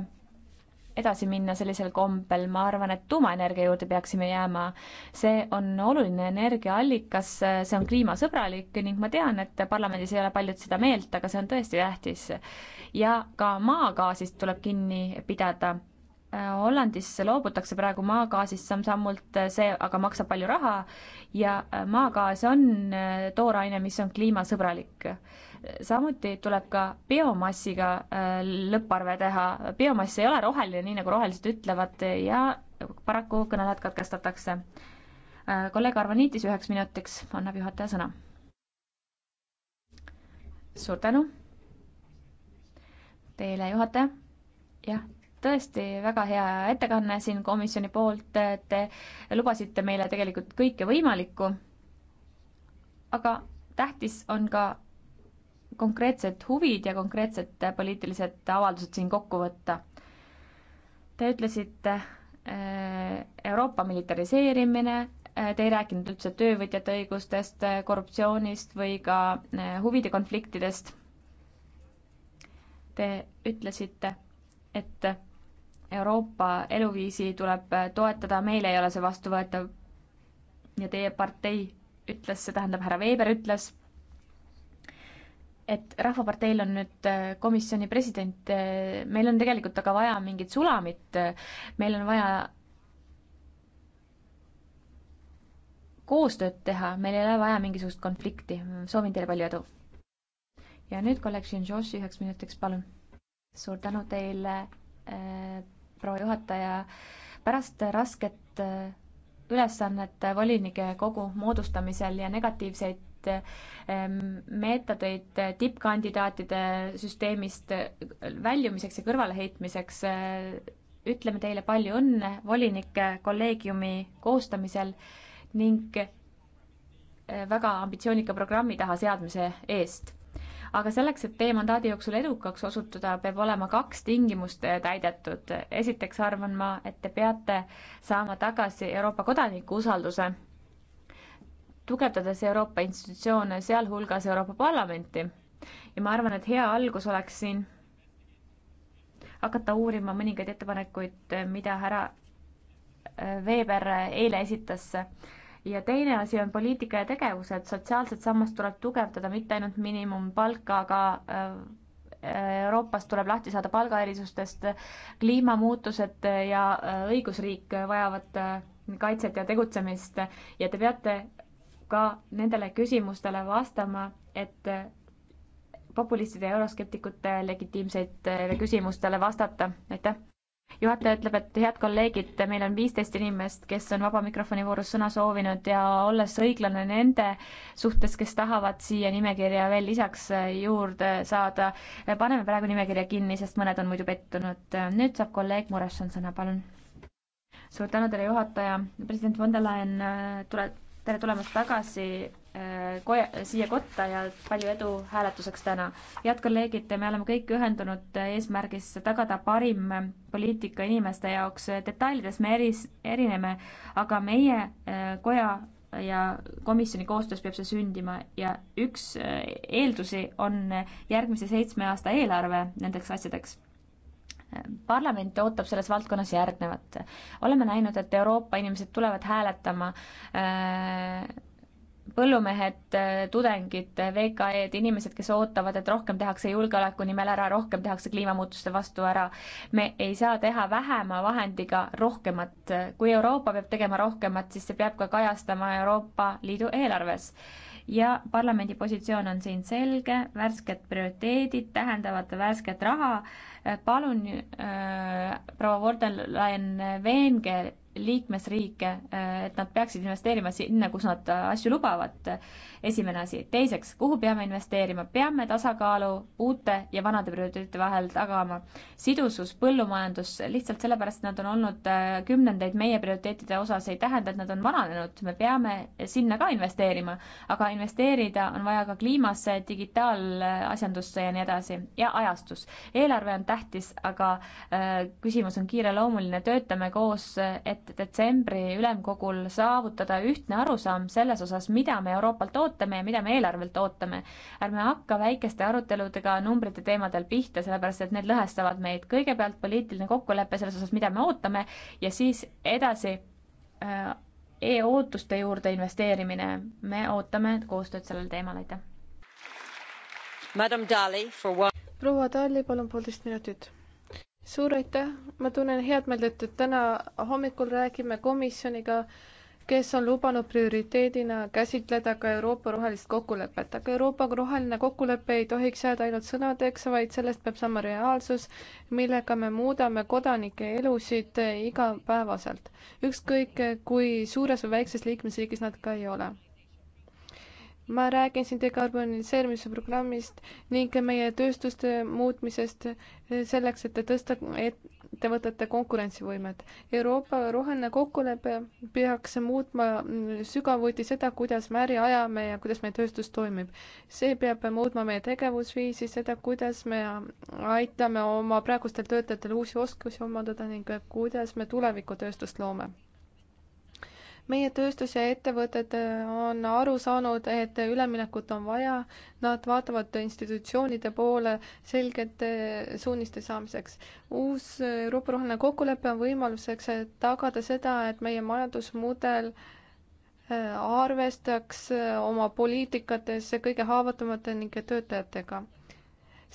edasi minna sellisel kombel, ma arvan, et tuumaenergia juurde peaksime jääma. see on oluline energiaallikas, see on kliimasõbralik ning ma tean, et parlamendis ei ole paljud seda meelt, aga see on tõesti tähtis. ja ka maagaasist tuleb kinni pidada Hollandis loobutakse praegu maagaasist samm-sammult, see aga maksab palju raha ja äh, maagaas on äh, tooraine, mis on kliimasõbralik. samuti tuleb ka biomassiga äh, lõpparve teha, biomass ei ole roheline, nii nagu rohelised ütlevad ja paraku kõnelejad katkestatakse. kolleeg Arvaniitis üheks minutiks annab juhataja sõna. suur tänu. Teile juhataja, jah tõesti väga hea ettekanne siin komisjoni poolt, te lubasite meile tegelikult kõike võimalikku, aga tähtis on ka konkreetsed huvid ja konkreetsed poliitilised avaldused siin kokku võtta. Te ütlesite äh, Euroopa militariseerimine, äh, te ei rääkinud üldse töövõtjate õigustest, äh, korruptsioonist või ka huvide konfliktidest. Te ütlesite, et Euroopa eluviisi tuleb toetada, meile ei ole see vastuvõetav. ja teie partei ütles, see tähendab, härra Weber ütles, et Rahvaparteil on nüüd äh, komisjoni president, äh, meil on tegelikult aga vaja mingit sulamit, äh, meil on vaja koostööd teha, meil ei ole vaja mingisugust konflikti, soovin teile palju edu. ja nüüd kolleeg Shinjoshi üheks minutiks, palun. suur tänu teile proua juhataja, pärast rasket äh, ülesannet volinike kogu moodustamisel ja negatiivseid ähm, meetodeid äh, tippkandidaatide süsteemist äh, väljumiseks ja kõrvaleheitmiseks ütleme teile palju õnne volinike kolleegiumi koostamisel ning väga ambitsioonika programmi taha seadmise eest aga selleks, et teie mandaadi jooksul edukaks osutuda, peab olema kaks tingimust täidetud. esiteks arvan ma, et te peate saama tagasi Euroopa kodaniku usalduse, tugevdades Euroopa institutsioone, sealhulgas Euroopa Parlamenti. ja ma arvan, et hea algus oleks siin hakata uurima mõningaid ettepanekuid, mida härra Weber eile esitas ja teine asi on poliitika ja tegevused, sotsiaalset sammast tuleb tugevdada, mitte ainult miinimumpalka, aga äh, Euroopas tuleb lahti saada palgaerisustest, kliimamuutused ja äh, õigusriik vajavad äh, kaitset ja tegutsemist ja te peate ka nendele küsimustele vastama, et populistide ja euroskeptikute legitiimseid küsimustele vastata, aitäh! juhataja ütleb, et head kolleegid, meil on viisteist inimest, kes on vaba mikrofoni voorus sõna soovinud ja olles õiglane nende suhtes, kes tahavad siia nimekirja veel lisaks äh, juurde saada, paneme praegu nimekirja kinni, sest mõned on muidu pettunud. nüüd saab kolleeg Muresson sõna, palun. suur tänu teile, juhataja. president von der Leyen, äh, tule, tere tulemast tagasi koja, siia kotta ja palju edu hääletuseks täna. head kolleegid, me oleme kõik ühendunud eesmärgis tagada parim poliitika inimeste jaoks. detailides me eris, erineme, aga meie eh, koja ja komisjoni koostöös peab see sündima ja üks eh, eeldusi on järgmise seitsme aasta eelarve nendeks asjadeks parlament ootab selles valdkonnas järgnevat. oleme näinud, et Euroopa inimesed tulevad hääletama äh, põllumehed, tudengid, VKE-d, inimesed, kes ootavad, et rohkem tehakse julgeoleku nimel ära, rohkem tehakse kliimamuutuste vastu ära. me ei saa teha vähema vahendiga rohkemat. kui Euroopa peab tegema rohkemat, siis see peab ka kajastama Euroopa Liidu eelarves. ja parlamendi positsioon on siin selge, värsked prioriteedid tähendavad värsket raha. palun äh,, proua Vorderlaen, veenge liikmesriike, et nad peaksid investeerima sinna, kus nad asju lubavad, esimene asi. teiseks, kuhu peame investeerima, peame tasakaalu uute ja vanade prioriteetide vahel tagama. sidusus, põllumajandus, lihtsalt sellepärast, et nad on olnud äh, kümnendeid meie prioriteetide osas, ei tähenda, et nad on vananenud, me peame sinna ka investeerima. aga investeerida on vaja ka kliimasse, digitaalasjandusse ja nii edasi ja ajastus. eelarve on tähtis, aga äh, küsimus on kiireloomuline, töötame koos, et et detsembri ülemkogul saavutada ühtne arusaam selles osas, mida me Euroopalt ootame ja mida me eelarvelt ootame. ärme hakka väikeste aruteludega numbrite teemadel pihta, sellepärast et need lõhestavad meid. kõigepealt poliitiline kokkulepe selles osas, mida me ootame ja siis edasi äh, e-ootuste juurde investeerimine. me ootame koostööd sellel teemal, aitäh. proua Dalli, palun poolteist minutit suur aitäh, ma tunnen head meelt, et, et täna hommikul räägime komisjoniga, kes on lubanud prioriteedina käsitleda ka Euroopa rohelist kokkulepet, aga Euroopa roheline kokkulepe ei tohiks jääda ainult sõnadeks, vaid sellest peab saama reaalsus, millega me muudame kodanike elusid igapäevaselt, ükskõik kui suures või väikses liikmesriigis nad ka ei ole ma räägin siin dekarboniseerimise programmist ning meie tööstuste muutmisest eh, selleks, et tõsta ettevõtete konkurentsivõimet. Euroopa roheline kokkulepe peaks muutma mm, sügavuti seda, kuidas me äri ajame ja kuidas meie tööstus toimib. see peab muutma meie tegevusviisi, seda, kuidas me aitame oma praegustel töötajatel uusi oskusi omandada ning kuidas me tulevikutööstust loome meie tööstus ja ettevõtted äh, on aru saanud, et üleminekut on vaja, nad vaatavad institutsioonide poole selgete äh, suuniste saamiseks. uus äh, Euroopa roheline kokkulepe on võimaluseks tagada seda, et meie majandusmudel arvestaks oma poliitikates kõige haavatavamate ning töötajatega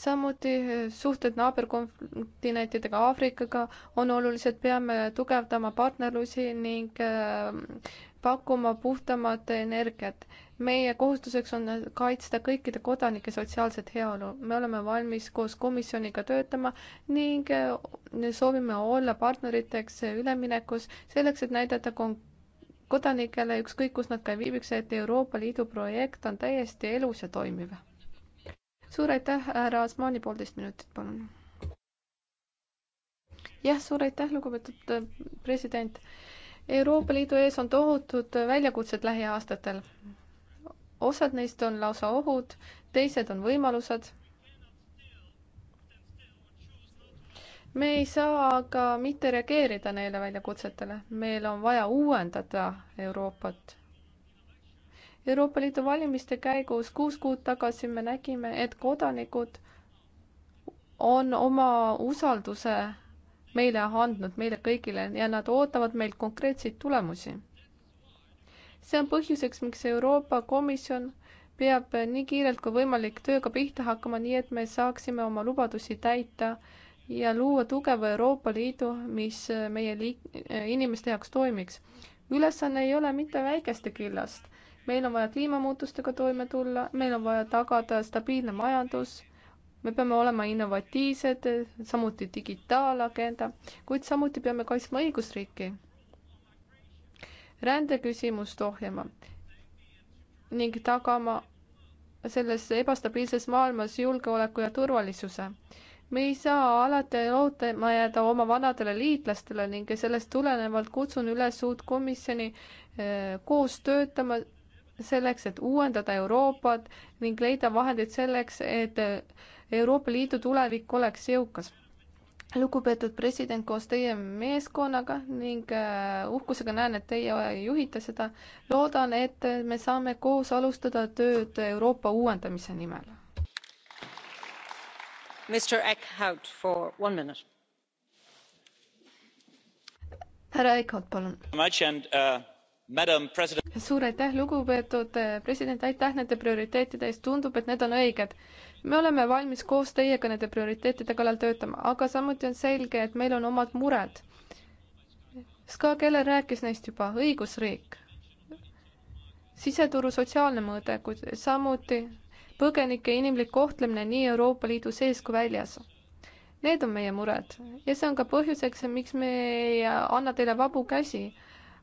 samuti eh, suhted naaberkontinentidega, Aafrikaga on olulised, peame tugevdama partnerlusi ning eh, pakkuma puhtamat energiat. meie kohustuseks on kaitsta kõikide kodanike sotsiaalset heaolu. me oleme valmis koos komisjoniga töötama ning eh, soovime olla partneriteks üleminekus, selleks et näidata konkreetselt kodanikele, ükskõik kus nad ka ei viibiks, et Euroopa Liidu projekt on täiesti elus ja toimiv suur aitäh, härra Asmani, poolteist minutit, palun. jah, suur aitäh, lugupeetud äh, president. Euroopa Liidu ees on tohutud väljakutsed lähiaastatel. osad neist on lausa ohud, teised on võimalused. me ei saa aga mitte reageerida neile väljakutsetele, meil on vaja uuendada Euroopat Euroopa Liidu valimiste käigus kuus kuud tagasi me nägime, et kodanikud on oma usalduse meile andnud, meile kõigile ja nad ootavad meilt konkreetseid tulemusi. see on põhjuseks, miks Euroopa Komisjon peab nii kiirelt kui võimalik tööga pihta hakkama, nii et me saaksime oma lubadusi täita ja luua tugeva Euroopa Liidu, mis meie liik-, inimeste jaoks toimiks. ülesanne ei ole mitte väikeste killast meil on vaja kliimamuutustega toime tulla, meil on vaja tagada stabiilne majandus, me peame olema innovatiivsed, samuti digitaalagenda, kuid samuti peame kaitsma õigusriiki. rändeküsimust ohjama ning tagama selles ebastabiilses maailmas julgeoleku ja turvalisuse. me ei saa alati lootma jääda oma vanadele liitlastele ning sellest tulenevalt kutsun üles uut komisjoni eh, koos töötama selleks, et uuendada Euroopat ning leida vahendeid selleks, et Euroopa Liidu tulevik oleks jõukas. lugupeetud president, koos teie meeskonnaga ning äh, uhkusega näen, et teie juhite seda, loodan, et me saame koos alustada tööd Euroopa uuendamise nimel. härra Eickhout, palun suur aitäh, lugupeetud eh, president, aitäh nende prioriteetide eest, tundub, et need on õiged. me oleme valmis koos teiega nende prioriteetide kallal töötama, aga samuti on selge, et meil on omad mured. Ska Keller rääkis neist juba, õigusriik, siseturu sotsiaalne mõõde, kuid samuti põgenike inimlik kohtlemine nii Euroopa Liidu sees kui väljas Need on meie mured ja see on ka põhjuseks, miks me ei anna teile vabu käsi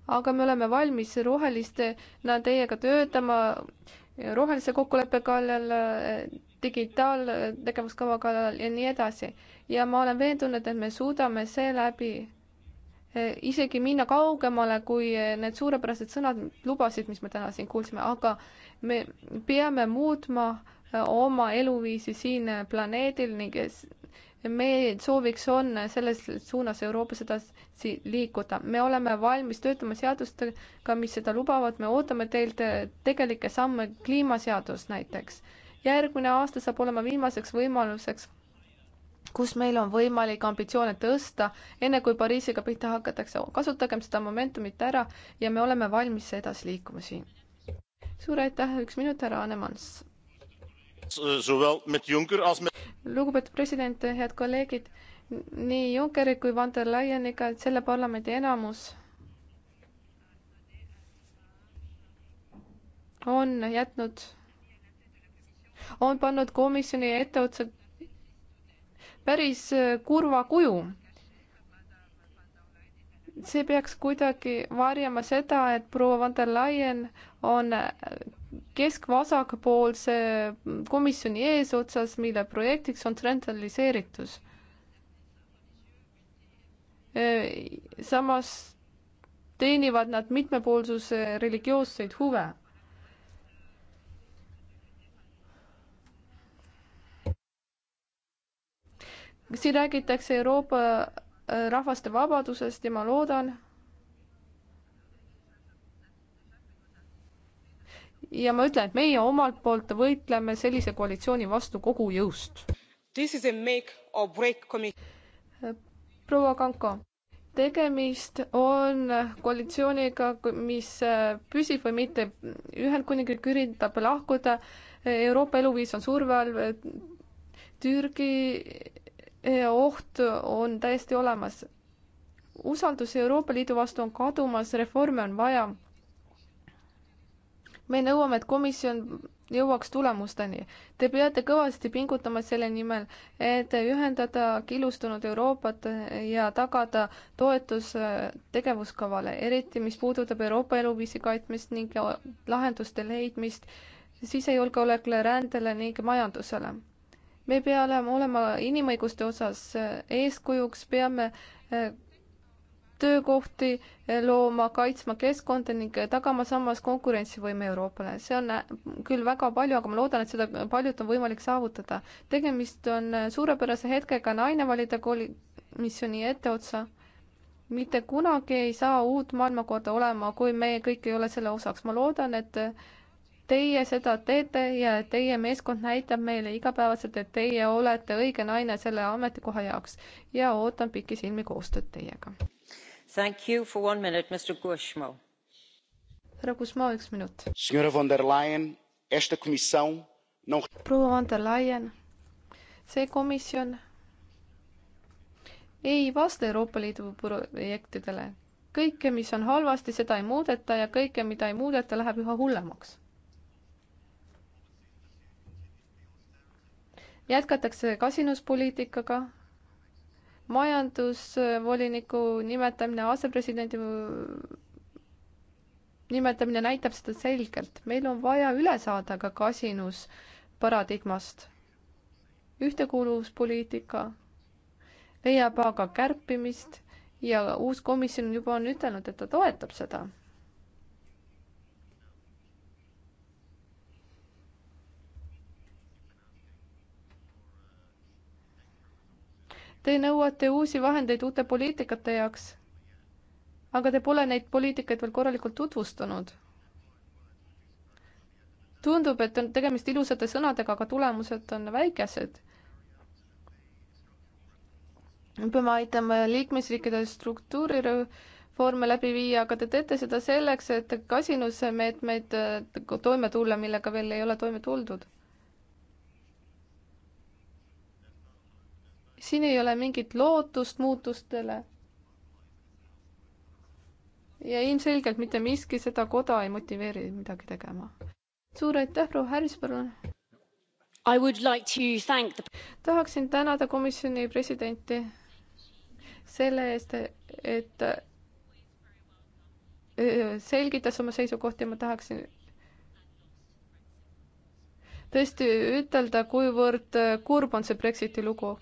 aga me oleme valmis rohelistena teiega töötama rohelise kokkuleppe kallal, digitaaltegevuskava eh, kallal ja nii edasi. ja ma olen veendunud, et me suudame seeläbi eh, isegi minna kaugemale, kui eh, need suurepärased sõnad lubasid, mis me täna siin kuulsime, aga me peame muutma oma eluviisi siin planeedil ning meie sooviks on selles suunas Euroopas edasi liikuda. me oleme valmis töötama seadustega, mis seda lubavad, me ootame teilt tegelikke samme, kliimaseadus näiteks. järgmine aasta saab olema viimaseks võimaluseks, kus meil on võimalik ambitsioone tõsta, enne kui Pariisiga pihta hakatakse. kasutagem seda momentumit ära ja me oleme valmis edasi liikuma siin. suur aitäh, üks minut, härra Annemans. zowel met Juncker als met lugupeetud president, head kolleegid, nii Junckeri kui van der Leyeniga, et selle parlamendi enamus on jätnud, on pannud komisjoni etteotsa päris kurva kuju see peaks kuidagi varjama seda, et proua von der Leyen on keskvasakpoolse komisjoni eesotsas, mille projektiks on tsentraliseeritus. samas teenivad nad mitmepoolsuse religioosseid huve siin räägitakse Euroopa Äh, rahvaste vabadusest ja ma loodan, ja ma ütlen, et meie omalt poolt võitleme sellise koalitsiooni vastu kogu jõust. Äh, proua Kanko, tegemist on koalitsiooniga, mis äh, püsib või mitte, Ühendkuningriik üritab lahkuda, Euroopa eluviis on surve all, Türgi oht on täiesti olemas. usaldus Euroopa Liidu vastu on kadumas, reforme on vaja. me nõuame, et komisjon jõuaks tulemusteni. Te peate kõvasti pingutama selle nimel, et ühendada killustunud Euroopat ja tagada toetus äh, tegevuskavale, eriti mis puudutab Euroopa eluviisi kaitsmist ning äh, lahenduste leidmist sisejulgeolekule, rändele ning majandusele me peame olema inimõiguste osas äh, eeskujuks, peame äh, töökohti äh, looma, kaitsma keskkonda ning tagama samas konkurentsivõime Euroopale. see on küll väga palju, aga ma loodan, et seda paljut on võimalik saavutada. tegemist on suurepärase hetkega naine valida komisjoni etteotsa. mitte kunagi ei saa uut maailmakorda olema, kui me kõik ei ole selle osaks. ma loodan, et Teie seda teete ja teie meeskond näitab meile igapäevaselt, et teie olete õige naine selle ametikoha jaoks ja ootan pikisilmi koostööd teiega. härra Kuzma, üks minut. proua von der Leyen, see komisjon ei vasta Euroopa Liidu projektidele. kõike, mis on halvasti, seda ei muudeta ja kõike, mida ei muudeta, läheb üha hullemaks jätkatakse kasinuspoliitikaga, majandusvoliniku nimetamine, asepresidendi nimetamine näitab seda selgelt. meil on vaja üle saada ka kasinus paradigmast. ühtekuuluvuspoliitika leiab aga kärpimist ja uus komisjon juba on ütelnud, et ta toetab seda. Te nõuate uusi vahendeid uute poliitikate jaoks, aga te pole neid poliitikaid veel korralikult tutvustanud. tundub, et on tegemist ilusate sõnadega, aga tulemused on väikesed. me peame aitama liikmesriikide struktuurireforme läbi viia, aga te teete seda selleks, et kasinusmeetmeid toime tulla, millega veel ei ole toime tuldud siin ei ole mingit lootust muutustele. ja ilmselgelt mitte miski seda koda ei motiveeri midagi tegema. suur aitäh, proua Harris, palun. I would like to thank the... tahaksin tänada komisjoni presidenti selle eest, et äh, selgitas oma seisukohti, ma tahaksin tõesti ütelda, kuivõrd kurb on see Brexiti lugu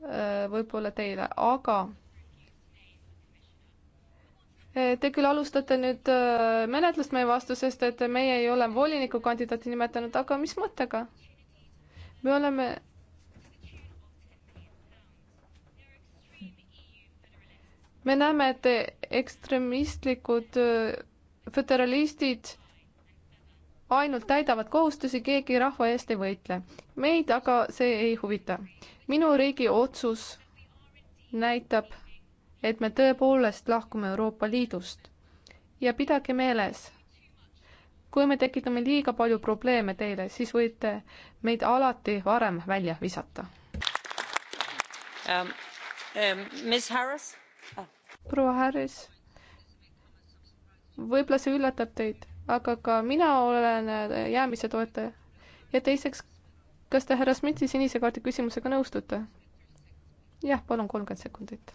Äh, võib-olla teile, aga äh, Te küll alustate nüüd äh, menetlust meie vastusest, et meie ei ole volinikukandidaati nimetanud, aga mis mõttega? me oleme me näeme, et ekstremistlikud föderalistid ainult täidavad kohustusi, keegi rahva eest ei võitle. meid aga see ei huvita. minu riigi otsus näitab, et me tõepoolest lahkume Euroopa Liidust. ja pidage meeles, kui me tekitame liiga palju probleeme teile, siis võite meid alati varem välja visata um,. Um, Harris? Ah. proua Harris, võib-olla see üllatab teid aga ka mina olen äh, jäämise toetaja. ja teiseks, kas te härra Smitsi sinise kaardi küsimusega nõustute? jah, palun kolmkümmend sekundit.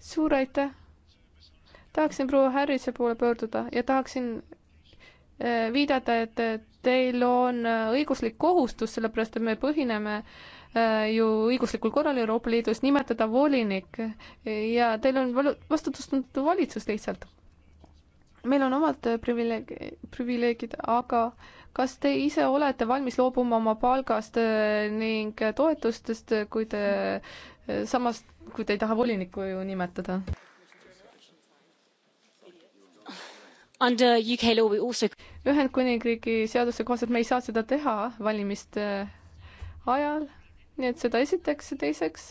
suur aitäh. tahaksin proua Harrise poole pöörduda ja tahaksin äh, viidata, et teil on äh, õiguslik kohustus, sellepärast et me põhineme äh, Äh, ju õiguslikul korral Euroopa Liidus nimetada volinik ja teil on vastutustundetu valitsus lihtsalt. meil on omad äh, privileeg-, privileegid, aga kas te ise olete valmis loobuma oma palgast äh, ning toetustest, kui te samas, kui te ei taha volinikku ju nimetada? Also... Ühendkuningriigi seaduse kohaselt me ei saa seda teha valimiste ajal nii et seda esiteks ja teiseks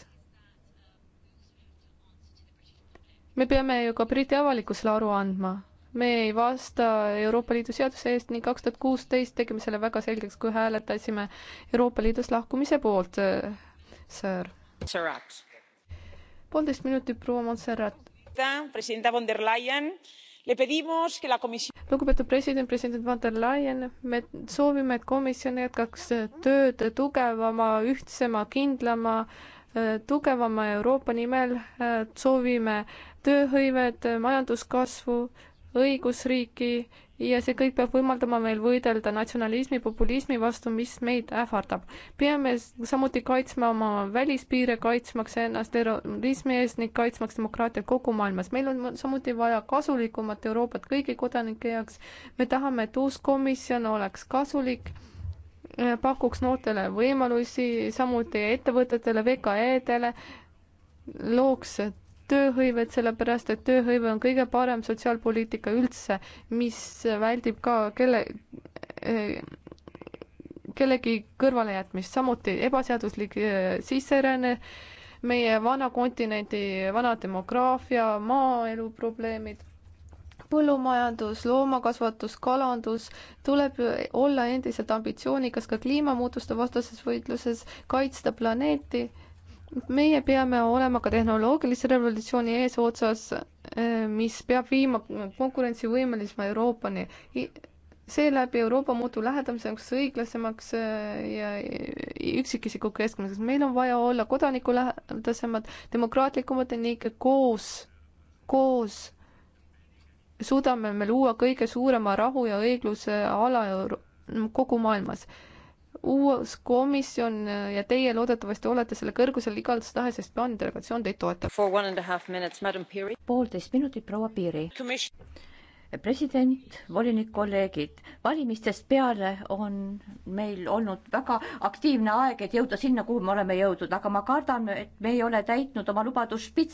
me peame ju ka Briti avalikkusele aru andma. me ei vasta Euroopa Liidu seaduse eest ning kaks tuhat kuusteist tegime selle väga selgeks, kui hääletasime Euroopa Liidust lahkumise poolt, sõõr. poolteist minutit, proua Montserrat. presidenta von der Leyen lugupeetud president, president von der Leyen, me soovime, et komisjon jätkaks tööd tugevama, ühtsema, kindlama äh, tugevama Euroopa nimel äh, soovime tööhõivet, majanduskasvu, õigusriiki ja see kõik peab võimaldama meil võidelda natsionalismi, populismi vastu, mis meid ähvardab. peame samuti kaitsma oma välispiire, kaitsmaks ennast terrorismi eest ning kaitsmaks demokraatiat kogu maailmas. meil on samuti vaja kasulikumat Euroopat kõigi kodanike jaoks. me tahame, et uus komisjon oleks kasulik pakuks noortele võimalusi, samuti ettevõtetele, VKE-dele, looks tööhõivet, sellepärast et tööhõive on kõige parem sotsiaalpoliitika üldse, mis väldib ka kelle, eh, kellegi kõrvalejätmist, samuti ebaseaduslik eh, sisseränne, meie vana kontinendi vana demograafia, maaelu probleemid, põllumajandus, loomakasvatus, kalandus, tuleb olla endiselt ambitsioonikas ka kliimamuutuste vastases võitluses, kaitsta planeeti meie peame olema ka tehnoloogilise revolutsiooni eesotsas, eh, mis peab viima konkurentsivõimelisema Euroopani. seeläbi Euroopa muutub lähedamiseks õiglasemaks eh, ja üksikisiku keskmiseks. meil on vaja olla kodanikulähedasemad, demokraatlikumad ning koos, koos suudame me luua kõige suurema rahu ja õigluse ala Euro kogu maailmas uus komisjon ja teie loodetavasti olete selle kõrgusel igatahes tahes, sest Hispaania delegatsioon teid toetab. poolteist minutit, proua Piiri. president, volinik, kolleegid, valimistest peale on meil olnud väga aktiivne aeg, et jõuda sinna, kuhu me oleme jõudnud, aga ma kardan, et me ei ole täitnud oma lubadust Spitse